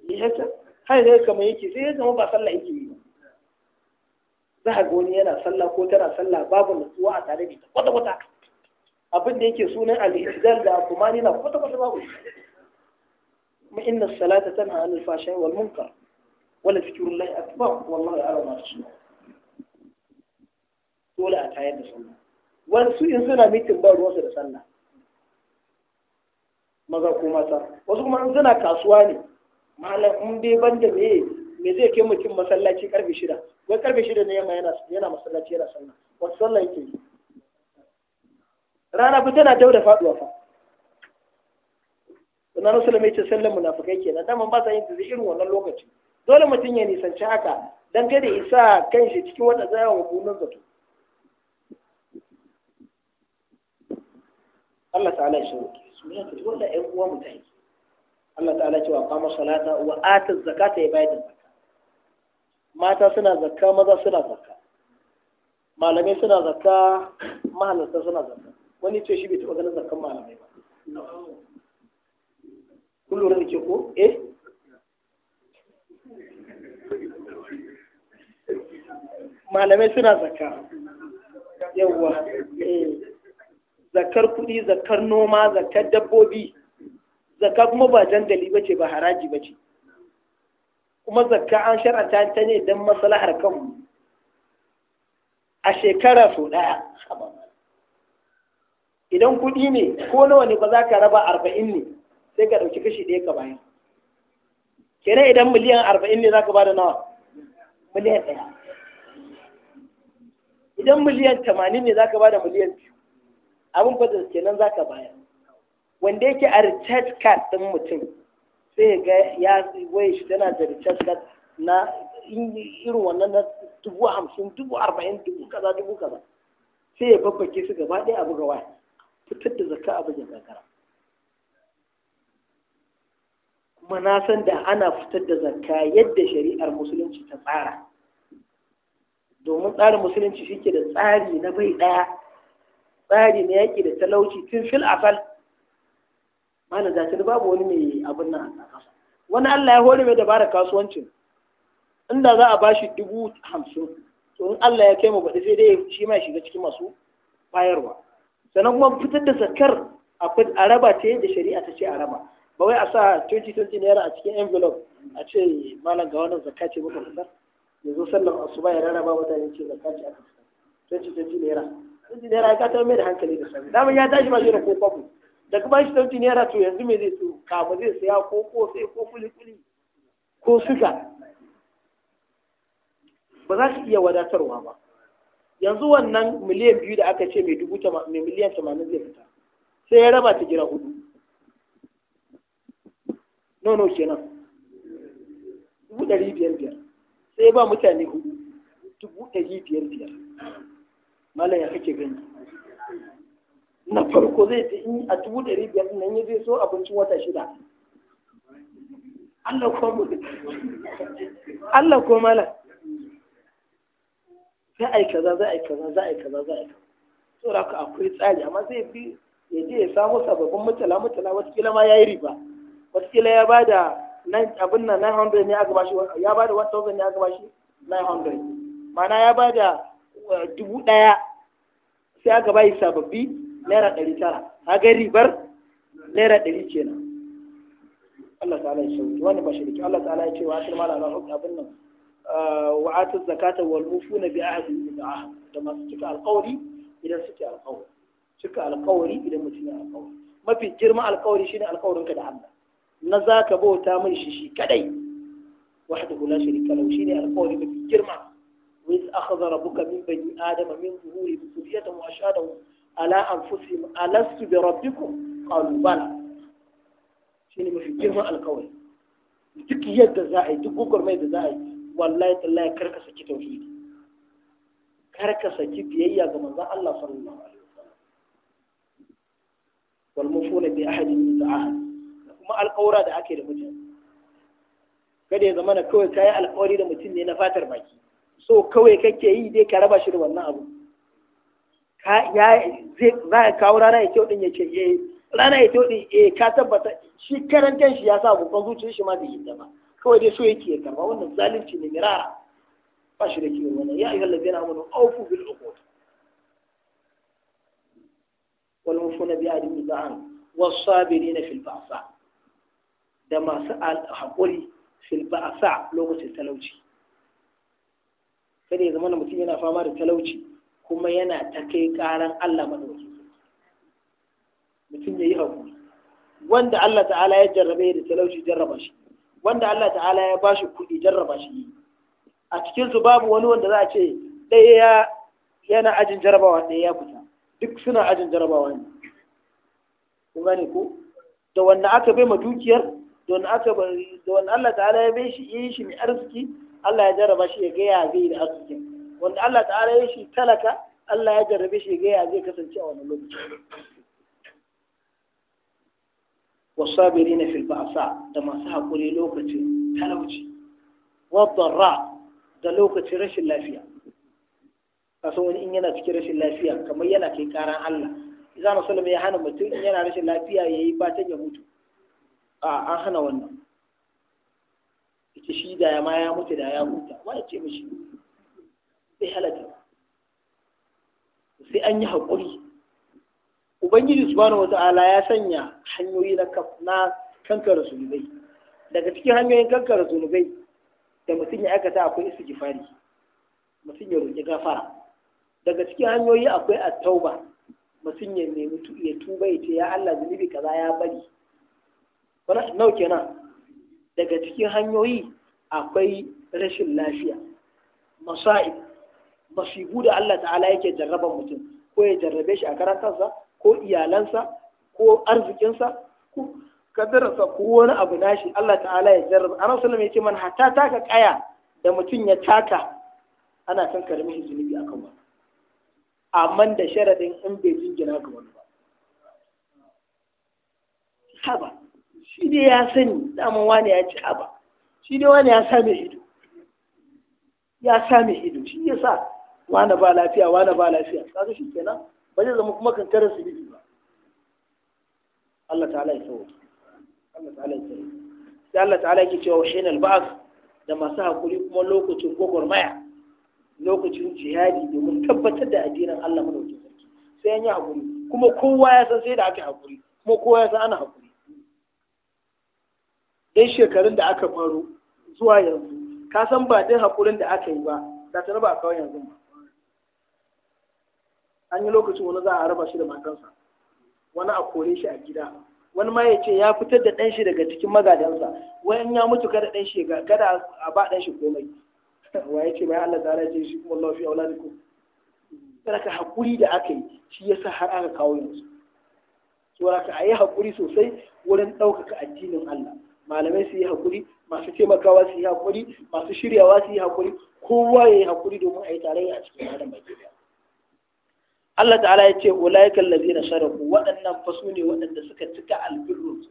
yayi haka hai dai kaman yake sai ya zama ba sallah yake yi za ka wani yana sallah ko tana sallah babu nutsuwa a tare da ita kwata kwata abin da yake sunan al-ihdal da kuma ni na kwata kwata babu ma inna salata tanha anil fashai wal munkar wala fikrullahi akbar wallahi ya'lamu ma tashun dole a tayar da sallah wasu in suna mitin ba ruwansu da sallah maza ko mata wasu kuma in suna kasuwa ne malam in bai ban da me me zai kai mutum masallaci karfe shida wai karfe shida ne yamma yana yana masallaci yana sallah wasu sallah yake rana fa tana dau da faduwa fa sunan rasulullah mai ce sallan munafikai kenan daman ba sa yin tazi irin wannan lokaci dole mutum ya nisanci haka dan kada isa kanshi cikin wata zayawa gunan zato Allah ta'ala ya shirke su ya kaji wannan ƴan uwa mutane Allah ta'ala ce wa qama salata wa ata zakata ya bayar da zakka mata suna zakka maza suna zakka malamai suna zakka mahalarta suna zakka wani ce shi bai taɓa ganin zakkan malamai ba kun lura da ke ko eh malamai suna zakka yawwa eh zakar kuɗi zakar noma zakar dabbobi zakka kuma ba dandali ba ce ba haraji ba ce kuma zakka an shar'anta ta ne don maslahar kanmu a shekara sau ɗaya idan kuɗi ne ko nawa ne ba za ka raba arba'in ne sai ka ɗauki kashi ɗaya ka bayan kenan idan miliyan arba'in ne za ka ba da nawa miliyan ɗaya idan miliyan tamanin ne za ka ba da miliyan biyu abin fa da kenan zaka bayar wanda yake a recharge card din mutum sai ga ya waye shi tana da recharge card na irin wannan na dubu hamsin dubu arba'in dubu kaza dubu kaza sai ya babbake su gaba ɗaya abu gawa fitar da zakka abu da gagara kuma na san da ana fitar da zakka yadda shari'ar musulunci ta tsara domin tsarin musulunci shi ke da tsari na bai ɗaya tsari na yaƙi da talauci tun fil asal malam da babu wani mai abin nan a kasa wani Allah ya hore mai dabara kasuwancin inda za a bashi dubu hamsin to in Allah ya kai mu baɗi sai dai shi ma shiga cikin masu bayarwa sannan kuma fitar da zakar a raba ta yadda shari'a ta ce a raba ba wai a sa 2020 naira a cikin envelope a ce malam ga wannan zakka ce muka fitar yanzu sallar asuba ya rarraba mutane ce zakka ce aka fitar 2020 naira hankali da ya tashi ba da da kuma to yanzu saya ko ko iya wadatarwa ba yanzu wannan miliyan biyu da aka ce mai dubu mai miliyan tamanin zai fita sai ya raba ta gira hudu nono kenan dubu ɗari biyar biyar sai ba mutane hudu dubu ɗari biyar biyar malaya ya kake gani na farko zai ta in a dubu ɗari biyar nan ya zai so abincin wata shida Allah ko mala za a yi kaza za a yi kaza za a yi kaza za a yi kaza saboda haka akwai tsari amma zai fi ya je ya samu sababbin mutala mutala kila ma ya yi riba kila ya ba da abin nan 900 ne aka bashi ya ba da 1000 ne aka bashi 900 ma'ana ya ba da. dubu ɗaya sai aka bayi sababbi naira ɗari tara a ga ribar naira ɗari kenan Allah ta'ala ya shauki wani ba shirki Allah ta'ala ya ce wa asir mala ran hukun abin nan ah, wa atu zakata wal mufuna bi ahdi bi da masu cika alƙawari idan suke alƙawari cika alƙawari idan mutum ya alƙawari mafi girma alƙawari shine ka da Allah na zaka bauta mai shi shi kadai wahdahu la sharika lahu shine alƙawari mafi girma وإذ أخذ ربك من بني آدم من ظهورهم ذريتهم وأشهدهم على أنفسهم ألست بربكم قالوا بلى شنو في جرم القول duk yadda za yi duk gwagwarmai da za yi wallahi kar ka saki tauhidi kar ka saki biyayya ga manzon Allah sallallahu alaihi wasallam wal mufuna bi ahadin min ta'ahad kuma alƙawura da ake da mutane kada kawai alƙawari da mutum ne na fatar baki so kawai kake yi dai ka raba shi da wannan abu za a kawo rana ya kyau din ya ce eh rana ya kyau din eh ka tabbata shi karantar shi ya sa babban zuciyar shi ma da yadda ba kawai dai so yake ya karba wannan zalunci ne mirara ba shi da kiwon wannan ya ayyuhal ladina amanu awfu bil uqud wal mufuna bi adim idan was sabirin fil ba'sa da masu haƙuri fil ba'sa lokacin talauci sai ya zama na mutum yana fama da talauci kuma yana ta kai karan Allah madauki mutum ya yi haƙuri wanda Allah ta'ala ya jarrabe da talauci jarraba shi wanda Allah ta'ala ya bashi kuɗi jarraba shi a cikin su babu wani wanda za a ce ɗaya yana ajin jarrabawa ɗaya ya fita duk suna ajin jarrabawa ne kun gane ko da wanda aka bai ma dukiyar da wanda aka da wanda Allah ta'ala ya bai shi yi shi mai arziki Allah ya jarraba shi ya ga ya zai da arziki wanda Allah ta'ala ya shi talaka Allah ya jarrabe shi ya ga ya zai kasance a wannan lokaci والصابرين في da masu سحقوا لوكتي talauci, والضراء da lokacin rashin lafiya kasan wani in yana cikin rashin lafiya kamar yana kai karan Allah idan musulmi ya hana mutum in yana rashin lafiya ya yi fatan ya mutu a an hana wannan ita shi da ya ma ya mutu da ya huta ya ce mashi sai halatta sai an yi haƙuri ubangiji subhanahu wata'ala ya sanya hanyoyi na na kankara zunubai daga cikin hanyoyin kankara zunubai da mutum ya aikata akwai istighfari mutum ya roƙi gafara daga cikin hanyoyi akwai at-tauba mutum ya nemi ya tuba ya ce ya Allah zunubi kaza ya bari wannan nau kenan daga cikin hanyoyi akwai rashin lafiya masa'ib masibu da Allah ta'ala yake jarraba mutum ko ya jarrabe shi a karatarsa ko iyalansa ko arzikinsa ko kadararsa ko wani abu nashi Allah ta'ala ya jarraba ana sallama ce man hatta taka kaya da mutum ya taka ana kan karmi zunubi a wani amma da sharadin in bai jingina ga wani ba shi dai ya sani daman wani ya ci haba shi dai wani ya same ido ya same ido shi ya sa wani ba lafiya wani ba lafiya kaga shi kenan ba zai zama kuma kankarar su ba Allah ta'ala ya tsawo Allah ta'ala ya tsawo sai Allah ta'ala ke cewa wahinal ba'as da masu hakuri kuma lokacin gwagwarmaya lokacin jihadi domin tabbatar da addinin Allah wajen sarki sai an yi hakuri kuma kowa ya san sai da aka hakuri kuma kowa ya san ana hakuri Ɗan shekarun da aka faru zuwa yanzu ka san ba ɗin haƙurin da aka yi ba da ta raba a kawai yanzu ba an yi lokacin wani za a raba shi da matansa wani a kore shi a gida wani ma ya ce ya fitar da ɗanshi daga cikin magadansa wani ya mutu kada ɗan shi kada a ba ɗan shi komai wa ya ce mai Allah zara ce shi kuma Allah fi auladiku saraka haƙuri da aka yi shi ya sa har aka kawo yanzu saboda a yi hakuri sosai wurin ɗaukaka addinin Allah malamai su yi hakuri masu taimakawa su yi hakuri masu shiryawa su yi hakuri kowa ya yi hakuri domin a yi tarayya a cikin adam baki Allah ta'ala ya ce ulaiikal ladina sadaku waɗannan fa ne waɗanda suka cika albirru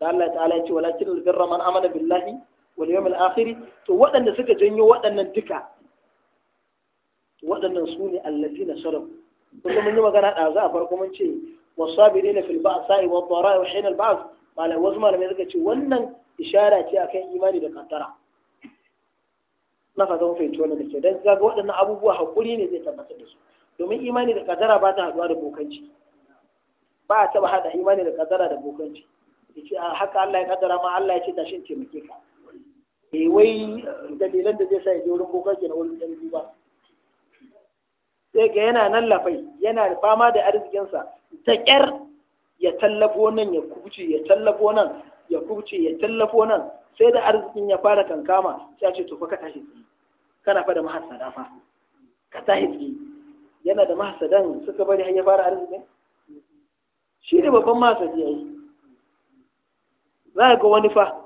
da Allah ta'ala ya ce walakin albirra man amana billahi wal yawmil akhir to waɗanda suka janyo waɗannan duka waɗannan su ne alladina sadaku kuma mun yi magana da za a farko mun ce wasabirina fil ba'sa'i wad dara'i wa hina al ba'th malamai wasu malamai suka ce wannan ishara ce akan imani da kantara na fata mun fahimci wannan da ke dan ga waɗannan abubuwa hakuri ne zai tabbatar da su domin imani da kadara ba ta haɗuwa da bokanci ba a taɓa haɗa imani da kadara da bokanci yace a haka Allah ya kadara ma Allah ya ce tashin taimake ka eh wai dalilan da zai sa ya je wurin bokanci na wani ɗan ba sai ga yana nan lafai yana fama da arzikinsa ta ƙyar ya tallafo nan ya kubuce ya tallafo nan ya kubuce ya tallafo nan sai da arzikin ya fara kankama sai a ce to fa ka tashi tsaye kana fa da mahasada fa ka tashi tsaye yana da mahasadan suka bari har ya fara arzikin shi ne babban mahassadi yayi za ga wani fa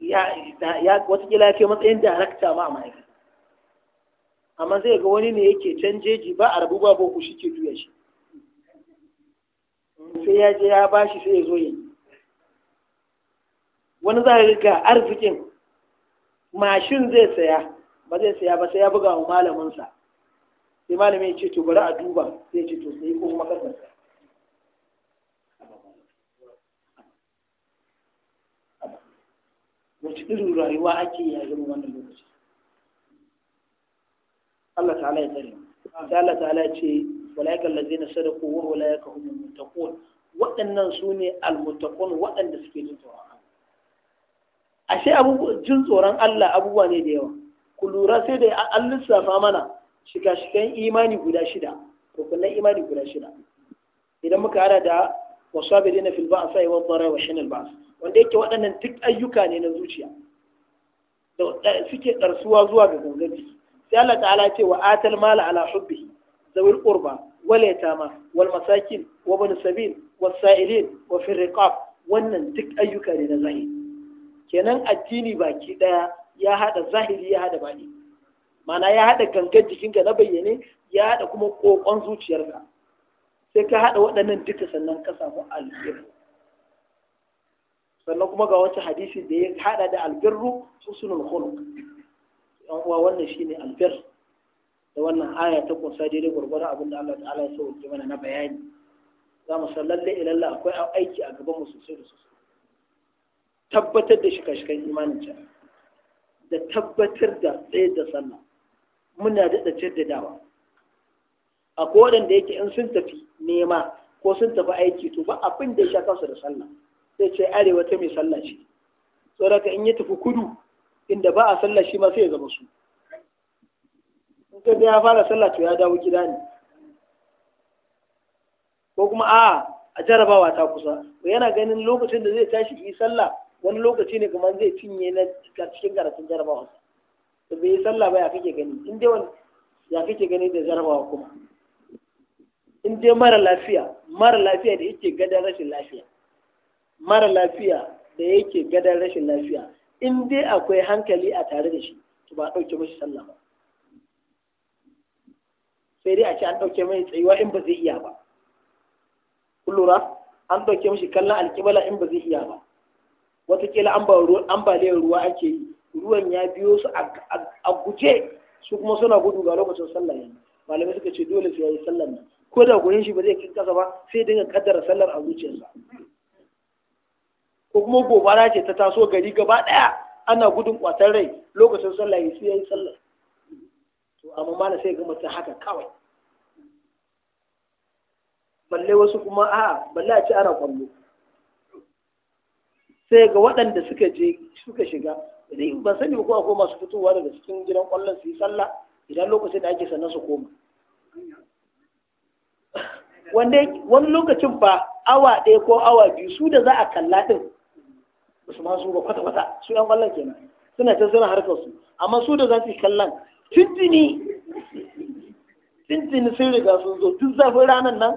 ya watakila ya ke matsayin darakta ma a ma'aikata amma zai ga wani ne yake canjeji ba a rabu ba ko shi ke juya shi sai ya je ya bashi sai ya zo yi wani za a riga arzikin mashin zai saya ba zai saya ba sai ya buga wa malaminsa sai malamin ya ce to bari a duba sai ya ce to sai yi kuma kasar wacce irin rayuwa ake yi a irin wannan lokaci Allah ta'ala ya tsare sai Allah ta'ala ya ce ulaika allazina sadaqu wa ulaika humul muttaqun waɗannan su ne almuttaqun waɗanda suke jin tsoron Allah ashe abubuwan, jin tsoron Allah abubuwa ne da yawa ku lura sai da an lissafa mana shika-shikan imani guda shida rukunan imani guda shida idan muka hada da wasabirina fil ba'sa wa dharra wa shinal ba's wanda yake waɗannan duk ayyuka ne na zuciya da suke ɗarsuwa zuwa ga gangan sai Allah ta'ala ce wa atal mala ala hubbi ذوي القربى واليتامى والمساكين وابن السبيل والسائلين وفي الرقاب wannan duk ayyuka ne na zahiri kenan addini baki daya ya hada zahiri ya hada bani mana ya hada gangan jikinka na bayyane ya hada kuma kokon zuciyarka sai ka hada waɗannan duka sannan ka samu albirru. sannan kuma ga wata hadisi da ya hada da albirru su sunan khuluq yan uwa wannan shine albirru da wannan aya ta kunsa daidai gwargwaron abin da Allah ta'ala ya sauke mana na bayani za mu san lalle ilalla akwai aiki a gaban mu sosai da sosai tabbatar da shika-shikan imanin can. da tabbatar da tsaye da sallah muna da dawa. akwai waɗanda yake in sun tafi nema ko sun tafi aiki to ba abin da ya sha kansu da sallah sai ce arewa ta mai sallah ce saboda in ya tafi kudu inda ba a sallah shi ma sai ya zama su in ka ya fara sallah to ya dawo gida ne ko kuma a a jarabawa ta kusa yana ganin lokacin da zai tashi yi sallah wani lokaci ne kamar zai cinye na cikin karatun jarabawa to bai yi sallah ba ya kake gani in dai wani ya kake gani da jarabawa kuma in dai mara lafiya mara lafiya da yake gadon rashin lafiya mara lafiya da yake gadon rashin lafiya in dai akwai hankali a tare da shi to ba a ɗauke mashi sallah ba sai dai a ce an ɗauke mai tsayuwa in ba zai iya ba kullura an ɗauke mashi kallon alƙibala in ba zai iya ba watakila ambaliyar ruwa ake yi ruwan ya biyo su a guje su kuma suna gudu ga lokacin sallar yanzu malamai suka ce dole su ya yi sallar nan ko da gurin shi ba zai kin ba sai dinga kaddara sallar a zuciyarsa ko kuma gobara ce ta taso gari gaba ɗaya? ana gudun kwatar rai lokacin sallah sai ya yi sallar to amma malam sai ga mutum haka kawai balle wasu kuma a balle a ci ana kwallo sai ga waɗanda suka je suka shiga idan ban sani ko akwai masu fitowa daga cikin gidan kwallon su yi sallah idan lokacin da ake sannan su koma wanda wani lokacin ba awa ɗaya ko awa biyu su da za a kalla ɗin ba su ma su ba kwata-kwata su yan kwallon kenan suna can suna harkar su amma su da za su yi kallon tuntuni tuntuni sun riga sun zo duk zafin ranar nan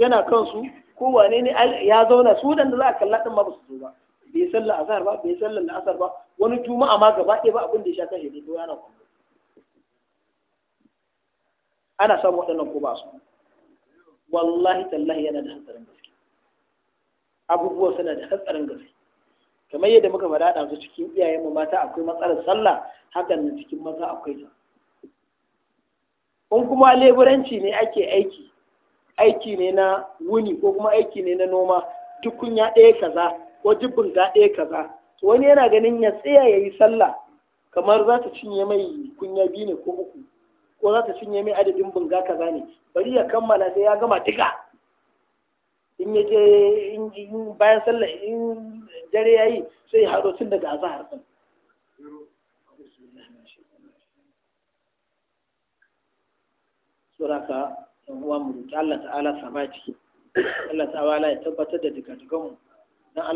yana kansu ko wane ne ya zauna su da za a kalla din ma ba su zo ba bai sallar asar ba bai sallar asar ba wani juma'a ma gaba ɗaya ba abin da ya sha kashe ne to yana ana samun waɗannan ko ba su wallahi tallahi yana da hatsarin gaske abubuwa suna da hatsarin gaske kamar yadda muka faɗa ɗansu cikin iyayenmu mata akwai matsalar sallah hakan na cikin maza akwai ta in kuma leburanci ne ake aiki aiki ne na wuni ko kuma aiki ne na noma tukunya ɗaya kaza ko jibbin ga ɗaya kaza wani yana ganin ya tsaya ya yi sallah kamar za ta cinye mai kunya biyu ne ko uku ko za ta cinye mai adadin bunga kaza ne bari ya kammala sai ya gama duka الله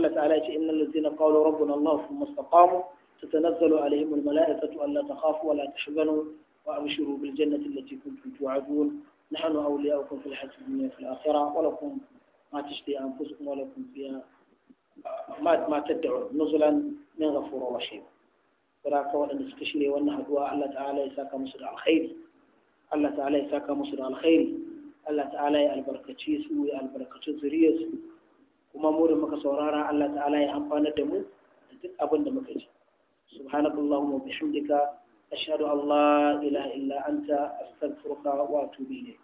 تعالى إن الذين قالوا ربنا الله ثم استقاموا تتنزل عليهم الملائكة ألا تخافوا ولا تحزنوا وأبشروا بالجنة التي كنتم توعدون نحن أولياؤكم في الحياة الدنيا في الآخرة ولكم في ma tashdi anfusukum wala kun fiya ma ma tad'u nuzulan min ghafurur rahim kira ka wanda suka shirye wannan haduwa Allah ta'ala ya saka musu da alkhairi Allah ta'ala ya saka musu da alkhairi Allah ta'ala ya albarkace su ya albarkace zuriyar su kuma mu da muka saurara Allah ta'ala ya amfana da mu da duk abin da muka ji subhanakallahumma wa bihamdika ashhadu an la ilaha illa anta astaghfiruka wa atubu ilayk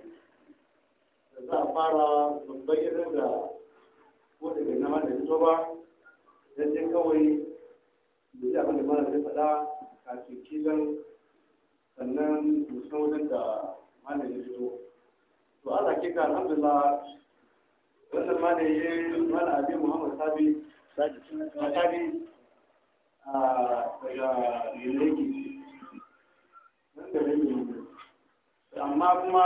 za a fara bayyanar da ko daga nama da fito ba don dai kawai da ya abin da mana zai faɗa kafin kilan sannan musamman wajen da mana ya fito to ala ke ka alhamdulillah wannan mana ya yi mana abin muhammad sabi sabi daga yanzu wanda ne amma kuma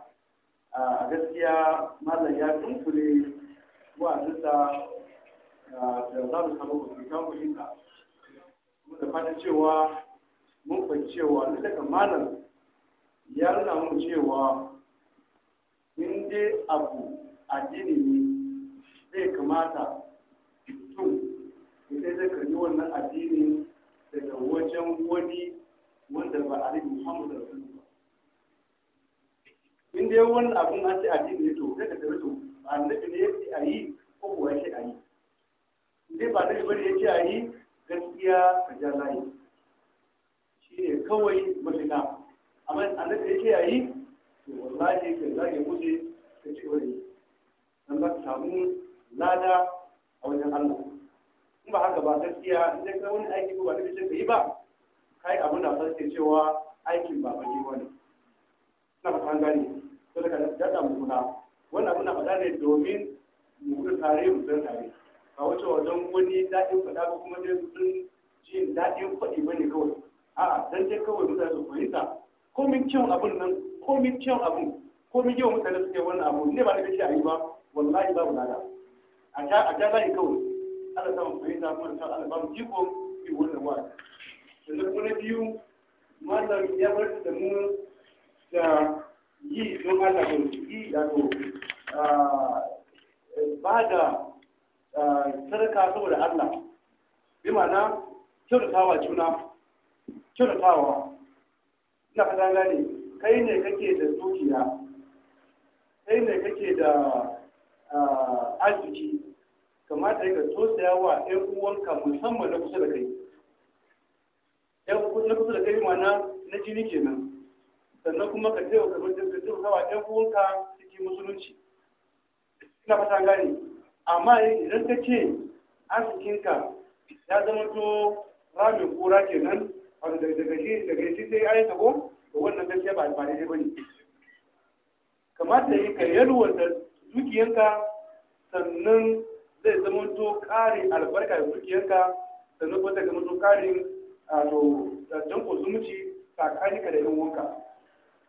a gaskiya malam ya tunkure wa'azinsa da za mu samu kusurkan fahimta mu da fatan cewa mun fahimci cewa na daga malam ya nuna mun cewa in dai abu addini ne zai kamata tun idan zai karbi wannan addini daga wajen wani wanda ba a rin muhammadu in dai wani abin an ce addini ne to sai ka tafi to annabi ne ya ce a yi ko kuwa ya ce a yi in dai ba nabi bane ya ce a yi gaskiya ka ja layi shi ne kawai mafita amma annabi ya ce a yi to wallahi ka zage guje ka ce wani dan za ka samu lada a wajen Allah in ba haka ba gaskiya in dai wani aiki ko ba nabi ce ka yi ba kai abin da fa cewa aikin ba ne wani na ba kan gane to daga daga muna wannan muna faɗa ne domin mu gudu tare mu san tare ba wace wajen wani daɗin faɗa ko kuma dai sun ji daɗin faɗi ba ne kawai a'a dan dai kawai mutane su fahimta komin kyau abun nan komin kyau abun komin yau mutane suke wannan abu ne ba da kace ayi ba wallahi babu nada a ta a ta layi kawai Allah ta mu fahimta mu ta Allah ba mu jiko bi wannan wa sannan kuma na biyu mallam ya bar da mu da yi don Allah da yi yano eh, ba da sarka saboda Allah bi ma'ana kyautatawa juna kyautatawa ina fata gane kai ne kake da dukiya kai ne kake da arziki kamata ka tosaya wa ɗan uwanka musamman na kusa da kai ƴan na kusa da kai ma'ana na jini kenan sannan kuma ka taimaka wajen ka taimakawa ɗan uwanka cikin musulunci ina fata gane amma eh, idan ka ce ka ya zama to ramin kura kenan wato daga shi daga shi sai ayi sako to wannan ce ba ba ne bane kamata yi ka yalwata dukiyanka sannan zai zama to ƙarin albarka da dukiyanka sannan kuma zai zama to ƙarin wato danko zumunci ka da yan wanka.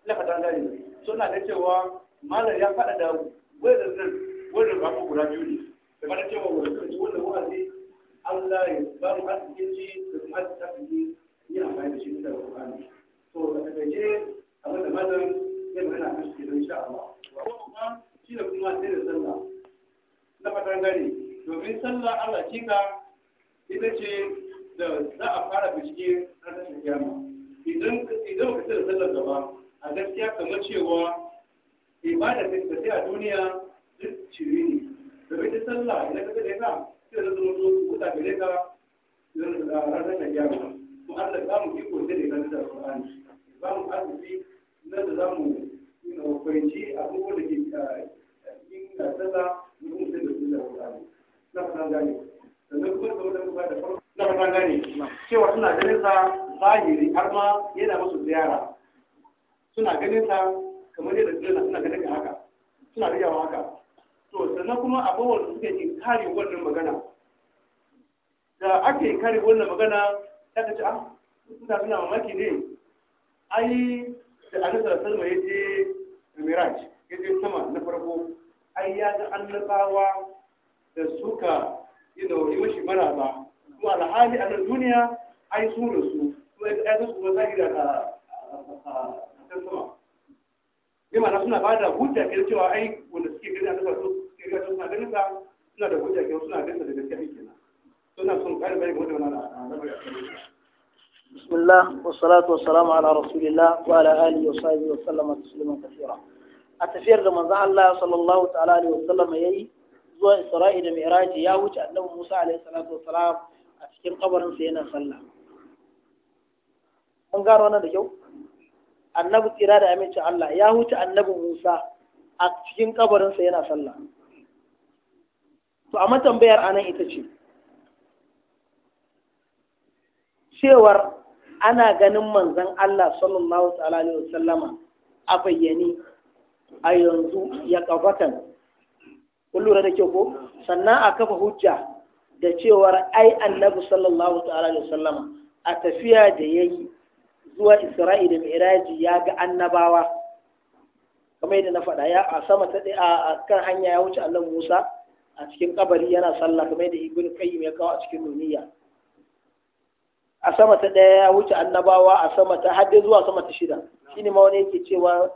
na fata gani suna da cewa malar ya faɗa da wadda zan wadda ba ku guda biyu ne da mana cewa wani wanda wani. Allah ya ba mu arzikin shi da kuma arzikin yi amfani da shi da Qur'ani to a ce abin da malam zai magana a cikin don sha Allah kuma shi da kuma sai da sallah na fata gani domin sallah Allah ka. ita ce da za a fara bincike ranar kiyama idan idan ka tsira sallar gaba a gaskiya kamar cewa ibada ta tafi a duniya duk ciri ne da bai ta sallah ina ka gare ka sai da zama so ku kuta gare ka idan da ranar da gyara mu Allah za mu iko da ne da Qur'ani Ba mu azubi na da za mu yi na fahimci abubuwan da ke yin da sallah mu kuma sai da su da Qur'ani na fara gane sannan kuma kamar da muka da farko na fara gane cewa suna ganin sa zahiri har ma yana musu ziyara suna ganin sa kamar yadda suna suna ganin ka haka suna riyawa haka to sannan kuma abubuwan da suke yin kare wannan magana da ake kare wannan magana ta ka ci ah suna suna mamaki ne ai da annabi salma ya je miraj ya je sama na farko ai ya ga annabawa da suka yi da wani mashi mara ba kuma alhali a nan duniya ai su da su kuma ya ga su ba sa gida can suna ba da hujja ke cewa ai wanda suke gani a sama su suke gani suna ganin sa suna da hujja ke suna ganin sa da gaskiya suna son ƙarin bayani da بسم الله والصلاة والسلام على رسول الله وعلى آله وصحبه وسلم تسليما كثيرا أتفير لما الله صلى الله تعالى عليه وسلم zuwa Isra'i da Miraji ya wuce annabi Musa alaihi salatu a cikin kabarin sa yana sallah. Mun gano da kyau? annabi tsira da aminci Allah ya huce annabi Musa a cikin kabarinsa yana sallah to amma tambayar anan ita ce cewar ana ganin manzon Allah sallallahu alaihi wasallama a bayyane a yanzu ya kafatan kun lura da ke ko sannan a kafa hujja da cewar ai annabi sallallahu alaihi wasallama a tafiya da yayi zuwa Isra'ila da mi'raji ya ga annabawa kamar yadda na faɗa ya a sama ta a kan hanya ya wuce Allah Musa a cikin kabari yana sallah kamar yadda Ibn Qayyim ya kawo a cikin nuniya a sama ta ɗaya ya wuce annabawa a sama ta hadde zuwa sama ta shida shine ma wani yake cewa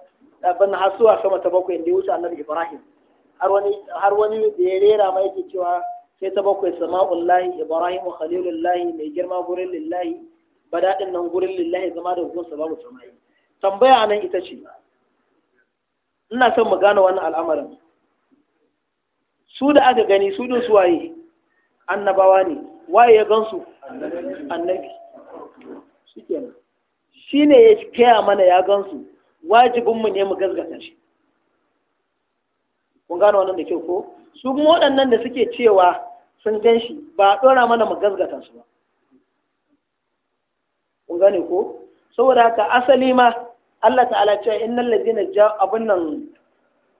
ban har zuwa sama ta bakwai da ya wuce annabi Ibrahim har wani har wani da ya rera ma yake cewa sai ta bakwai sama'ullahi Ibrahim khalilullahi mai girma gurin lillahi Ba daɗin nan gurin lillahi zama da hukunsa babu samayi tambaya nan ita ce ina son mu gane wannan al'amarin su da aka gani su din suwaye annabawa ne waye ya gansu annabi shikenan shi ne ya kaya mana ya gansu wajibinmu ne mu gazgata shi kun gane wannan da kyau ko su kuma waɗannan da suke cewa sun gan shi ba a ɗora mana mu gazgata su ba kun gane ko saboda haka asali ma Allah ta'ala ce innal ladina ja abun nan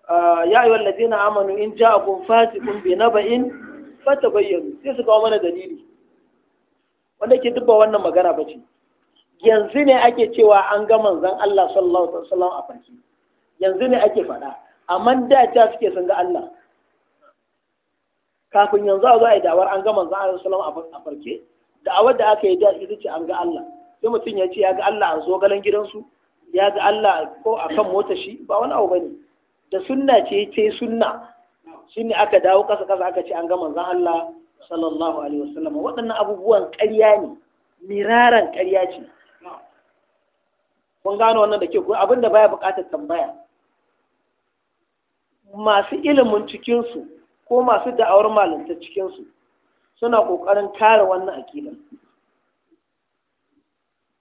ah, ya ayyuhal ladina amanu in ja'akum fasiqun bi naba'in fatabayyanu sai su kawo mana dalili wanda ke dubba wannan magana ba ce yanzu ne ake cewa an ga manzon Allah sallallahu alaihi wasallam a farki yanzu ne ake faɗa amma da ta suke sun ga Allah kafin yanzu a zo a yi dawar an ga manzon Allah sallallahu alaihi wasallam a farke da'awar da aka yi da ita ce an ga Allah sai mutum ya ce ya ga Allah a zogalen gidansu ya ga Allah ko a kan mota shi ba wani abu bane da sunna ce ce sunna shine aka dawo kasa kasa aka ce an ga manzon Allah sallallahu alaihi wasallam waɗannan abubuwan karya ne miraran karya ce kun gano wannan da ke abin da baya buƙatar tambaya masu ilimin cikinsu ko masu da'awar malinta cikinsu suna ƙoƙarin kare wannan aƙidar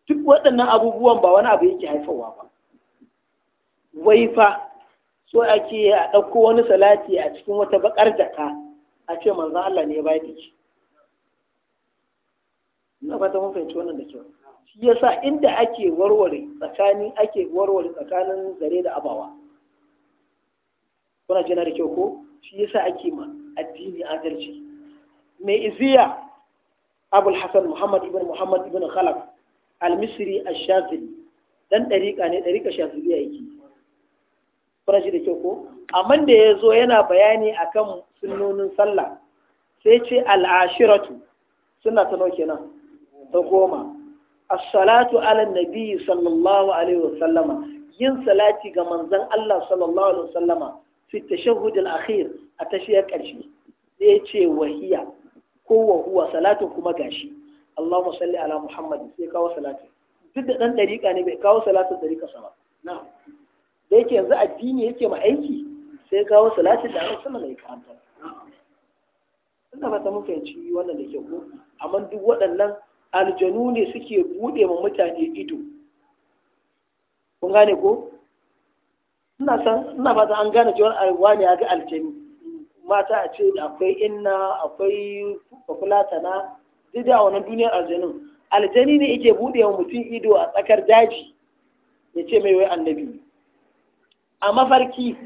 duk waɗannan abubuwan ba wani abu yake haifarwa ba wai fa so ake a ɗauko wani salati a cikin wata baƙar jaka a ce manzan Allah ne ya bayar da shi ina fata mun fahimci wannan da kyau shi yasa inda ake warware tsakanin ake warware tsakanin zare da abawa kuna jina da kyau ko shi yasa ake ma addini adalci mai iziya abul hasan muhammad ibn muhammad ibn khalaf al-misri ash dan dariqa ne dariqa shafi'iyya yake kuna shi da kyau ko amma da ya zo yana bayani akan sunnonin sallah sai ce Al'ashiratu suna ta nauke nan ta goma as-salatu ala nabi sallallahu alaihi wa sallama yin salati ga manzon Allah sallallahu alaihi wa sallama fi tashahhud al-akhir a tashiyar karshe ne ce wahiya ko wahuwa kuma gashi Allahumma salli ala Muhammad sai kawo salati duk da dan dariƙa ne bai kawo salatin dariƙa sama na'am da yake yanzu addini yake ma aiki sai kawo salatin da Allah sallallahu alaihi wasallam ina fata muka ci wannan da ke ko amma duk waɗannan aljanu ne suke buɗe ma mutane ido kun gane ko ina san ina fata an gane cewa wani ya ga aljanu mata a ce akwai inna akwai fulatana sai dai a wannan duniyar aljanin, aljani ne yake buɗe wa mutum ido a tsakar daji ya ce mai wai annabi a mafarki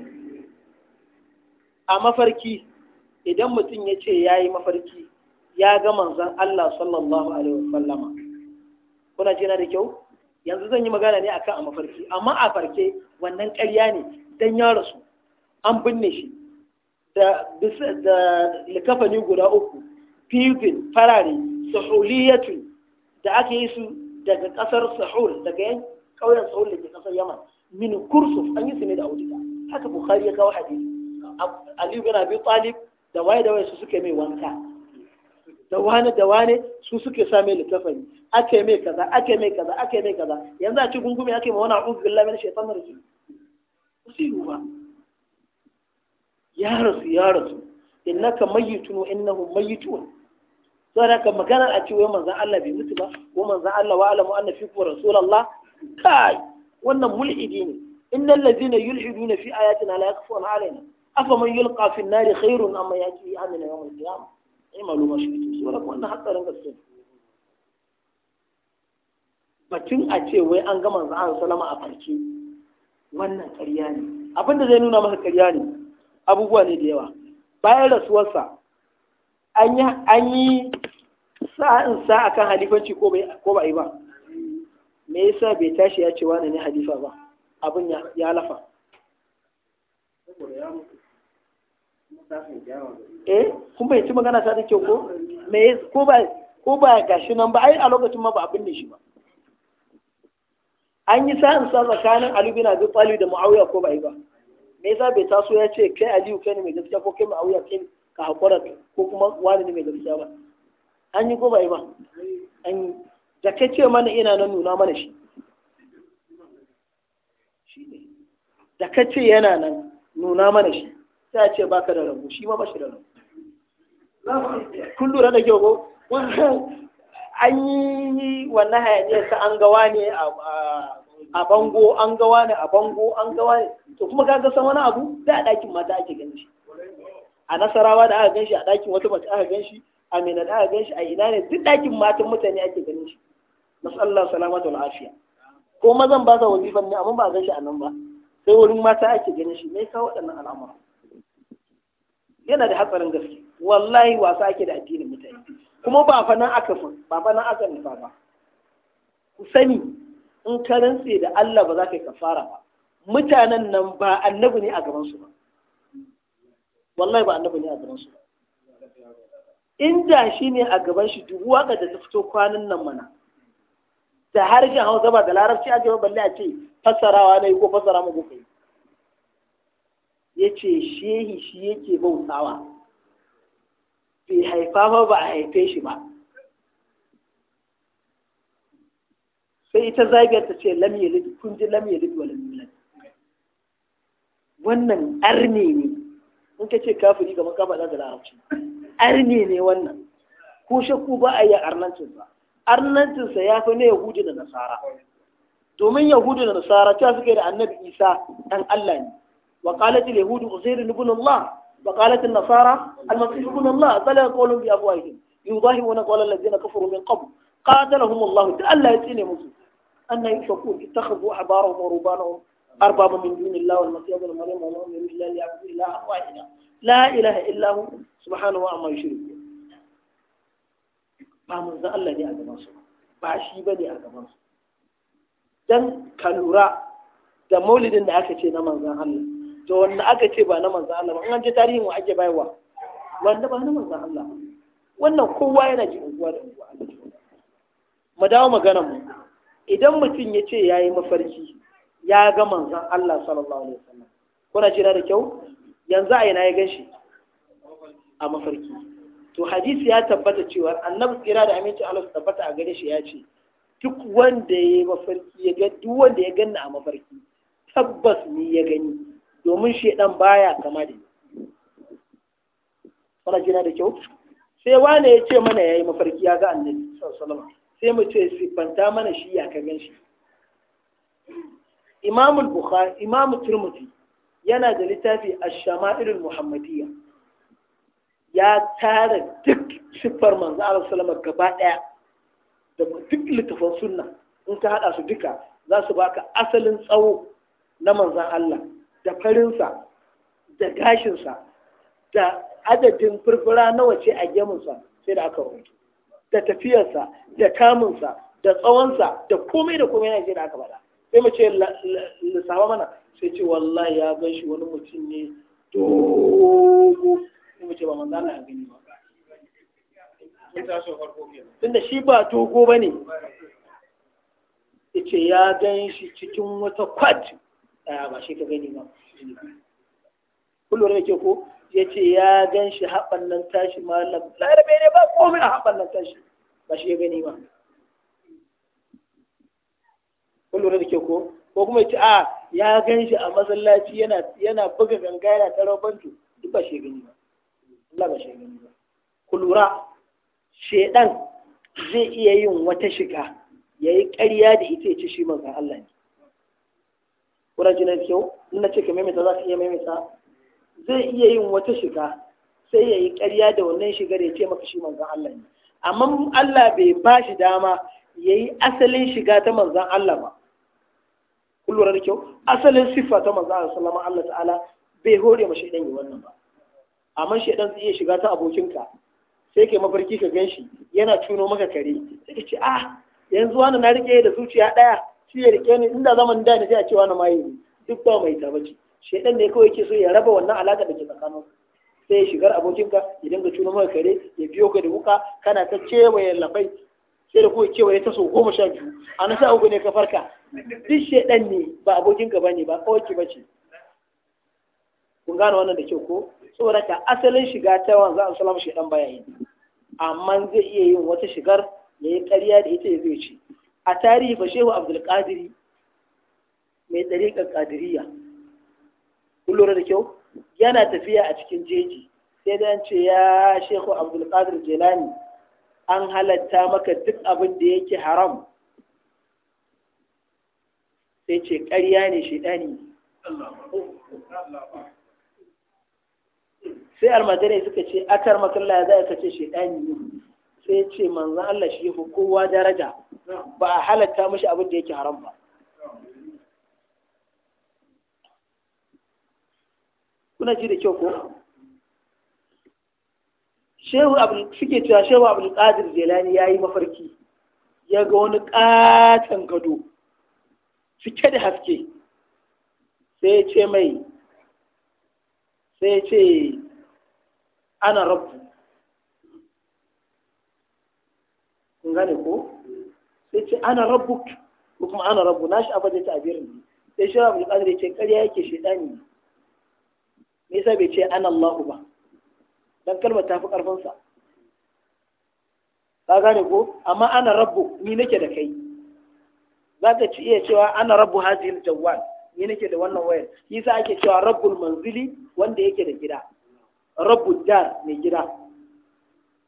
a mafarki idan mutum ya ce ya yi mafarki ya ga manzan Allah sallallahu alaihi wasallama kuna jina da kyau yanzu zan yi magana ne akan a mafarki amma a farke wannan karya ne dan ya rasu an binne shi da likafani guda uku fifin farare suhuliyatu da ake yi su daga kasar sahul daga yan kauyen sahul da ke kasar yaman min kursuf an yi su ne da audita haka bukhari ya kawo hadisi ali bin abi talib da waye da waye su suke mai wanka da wane da wane su suke sa mai littafari ake mai kaza ake mai kaza ake mai kaza yanzu a ci gungume ake ma wani a'udhu billahi min shaitanir rajim usiru ba ya rasu ya rasu innaka mayyitun wa innahum mayyitun so da ka magana a ce wai manzon Allah bai mutu ba ko manzon Allah wa alamu anna fi ku rasulullah kai wannan mulhidi ne innal ladina yulhiduna fi ayatina la yakfuna alaina afa man yulqa fi nari khairun amma yati amina yawm al qiyam ai maluma shi so da wannan hatsarin gaske batun a ce wai an ga manzon Allah sallama a farki wannan ƙarya ne abinda da zai nuna maka ƙarya ne abubuwa ne da yawa bayan rasuwarsa an yi sa'an sa akan halifanci ko ba yi ba me yasa bai tashi ya ce wani ne halifa ba abin ya lafa eh kun bai ci magana ta dake ko me ko ba ko ba gashi nan ba ai a lokacin ma ba abin ne shi ba an yi sa'an sa tsakanin Ali bin Abi Talib da Muawiya ko ba yi ba me yasa bai taso ya ce kai Aliyu kai ne mai gaskiya ko kai Muawiya kai ka hakura ko kuma wani ne mai gaskiya ba an yi ko ba yi ba an yi da ka ce mana ina nan nuna mana shi da ka ce yana nan nuna mana shi sai a ce baka da rabu shi ma ba shi da rabu kun lura da kyau ko an yi wannan hayaniyar ta an gawa ne a bango an gawa ne a bango an gawa ne to kuma ka ga san wani abu da a ɗakin mata ake ganin shi a nasarawa da aka gan shi a ɗakin wata mace aka gan shi a da a gan shi a ina ne duk ɗakin matan mutane ake ganin shi masallah salamatu al'afiya ko mazan ba sa wazifan ne amma ba a gan shi a nan ba sai wurin mata ake ganin shi me kawo waɗannan al'amura yana da hatsarin gaske wallahi wasa ake da addinin mutane kuma ba fa nan aka fa ba fa nan aka nufa ba ku sani in ka rantse da Allah ba za ka yi kafara ba mutanen nan ba annabi ne a gaban su ba wallahi ba annabi ne a gaban su ba inda shi ne a gaban shi dubu waka da ta fito kwanan nan mana da harshen hau zaba da larabci ake balle a ce fassarawa na yi ko fassara mu kuka yi ya ce shehi shi yake bautawa bai haifa ba ba a haife shi ba sai ita zagiyar ta ce lam yalid kun ji lam yalid wa lam yulad wannan arne ne in ka ce kafiri kamar ka faɗa da larabci Arni ne wannan ko shakku ba a yi arnancinsa arnancinsa ya fi na yahudu da nasara domin yahudu da nasara ta suke da annabi isa dan allah ne wa qalat al yahudu uzair ibn allah wa qalat an nasara al masih ibn allah bala qawlun bi afwahihim yudahimuna qawla alladhina kafaru min qabl qatalahum allah ta allah ya tsine musu anna yufakun ittakhadhu ahbarahum wa rubanahum أربابا من دون الله والمسيح ابن مريم وما أمروا إلا ليعبدوا إلها واحدا لا إله إلا هو سبحانه وعما يشركون ba manzan Allah ne a gabansu ba shi ba ne a gabansu don ka lura da maulidin da aka ce na manzan Allah da wanda aka ce ba na manzan Allah ba in an ji tarihin wa ake baiwa wanda ba na manzan Allah wannan kowa yana ji unguwa da unguwa mu dawo maganar mu idan mutum ya ce ya yi mafarki ya ga manzan Allah sallallahu alaihi wasallam kuna jira da kyau yanzu a ina ya gashi a mafarki to hadisi ya tabbata cewa annabi tsira da aminci Allah su tabbata a gare shi ya ce duk wanda ya mafarki ya ga duk wanda ya ganna a mafarki tabbas ni ya gani domin shi dan baya kama da kuna jira da kyau sai wane ya ce mana ya yi mafarki ya ga annabi sallallahu alaihi wasallam sai mu ce siffanta mana shi ya ka gan shi imam al-bukhari imam yana da littafi a shamailul muhammadiyya ya tara duk siffar manzo Allah sallama gaba daya da duk littafan sunna in ka hada su duka za su baka asalin tsawo na manzon Allah da farinsa da gashinsa da adadin furfura nawa ce a gemunsa sai da aka rubuta da tafiyarsa da kamunsa da tsawonsa da komai da komai na da aka bada. sai mace ce lissawa mana sai ce wallahi ya gan shi wani mutum ne dogo sai mace ba manzo Allah ya gani ba tun da shi ba dogo ba ne ce ya gan shi cikin wata kwat ɗaya ba shi ka gani ba kullum da ko ya ce ya gan shi haɓar nan tashi malam larabe ne ba komai a haɓar nan tashi ba shi ya gani ba kun lura da ke ko ko kuma ce a ah, ya gan shi a masallaci yana yana buga ganga yana ta rabantu duk ba shi gani ba Allah ba shi gani ba ku lura shedan zai iya yin wata shiga ya yi ƙarya da ita ya ce shi manzan Allah ne kuna ji na kyau in na ce ka maimaita za ka iya maimaita zai iya yin wata shiga sai ya yi ƙarya da wannan shigar ya ce maka shi manzan Allah ne amma Allah bai ba shi dama ya yi asalin shiga ta manzon Allah ba kullura da kyau asalin siffa ta manzo Allah sallallahu Allah ta'ala bai hore ma shaidan yi wannan ba amma shaidan zai iya shiga ta abokinka sai ke mafarki ka ganshi yana tuno maka kare sai ka ce ah yanzu wani na rike da zuciya daya shi ya rike ni inda zaman da ne sai a ce wani mai duk ba mai tabaci shaidan ne kawai yake so ya raba wannan alaka da ke tsakanin sai ya shigar abokinka ya dinga tuno maka kare ya biyo ka da wuka kana ta ce ya labai sai da kuka kewa ya taso goma sha biyu a nasa sa uku ne ka farka duk shaidan ne ba abokinka ba ne ba kawai ba ce kun gane wannan da kyau ko saboda ka asalin shiga ta za a salama shaidan baya yi amma zai iya yin wata shigar ya yi ƙarya da ita ya zai ce a tarihi fa shehu abdulkadiri mai ɗariƙar ƙadiriya kun da kyau yana tafiya a cikin jeji sai dan ce ya shehu abdulkadir jelani an halatta maka duk abin da yake haram sai ce ƙarya ne shi ɗani. sai almajirai suka ce akar makalla za ka ce shi ne sai ce manzan Allah shi fi kowa daraja ba a halatta mashi abin da yake haram ba kuna ji da kyau ko shehu abu suke cewa shehu abu qadir jelani yayi mafarki ya ga wani katon gado cike da haske sai ya ce mai sai ya ce ana rabu kun gane ko sai ce ana rabu ko kuma ana rabu na shi da ta abirin ne sai shi abu qadir ya ce ƙarya yake shaidani ne nisa bai ce ana allahu ba dan kalmar ta fi ƙarfinsa ka gane ko amma ana rabbu ni nake da kai za ka ci iya cewa ana rabu hazil jawal ni nake da wannan wayar shi sa ake cewa rabbul manzili wanda yake da gida rabbu dar mai gida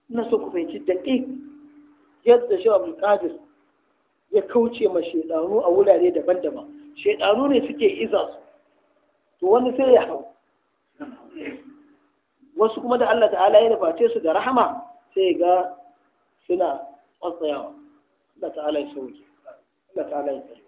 ina so ku fahimci daƙiƙ yadda shi abdul qadir ya kauce ma shaidanu a wurare daban-daban shaidanu ne suke iza su to wani sai ya hau wasu kuma da Allah ta'ala ya nuface su da rahama sai ga suna tsatsayawa Allah ta'ala ya sauke Allah ta'ala ya tsare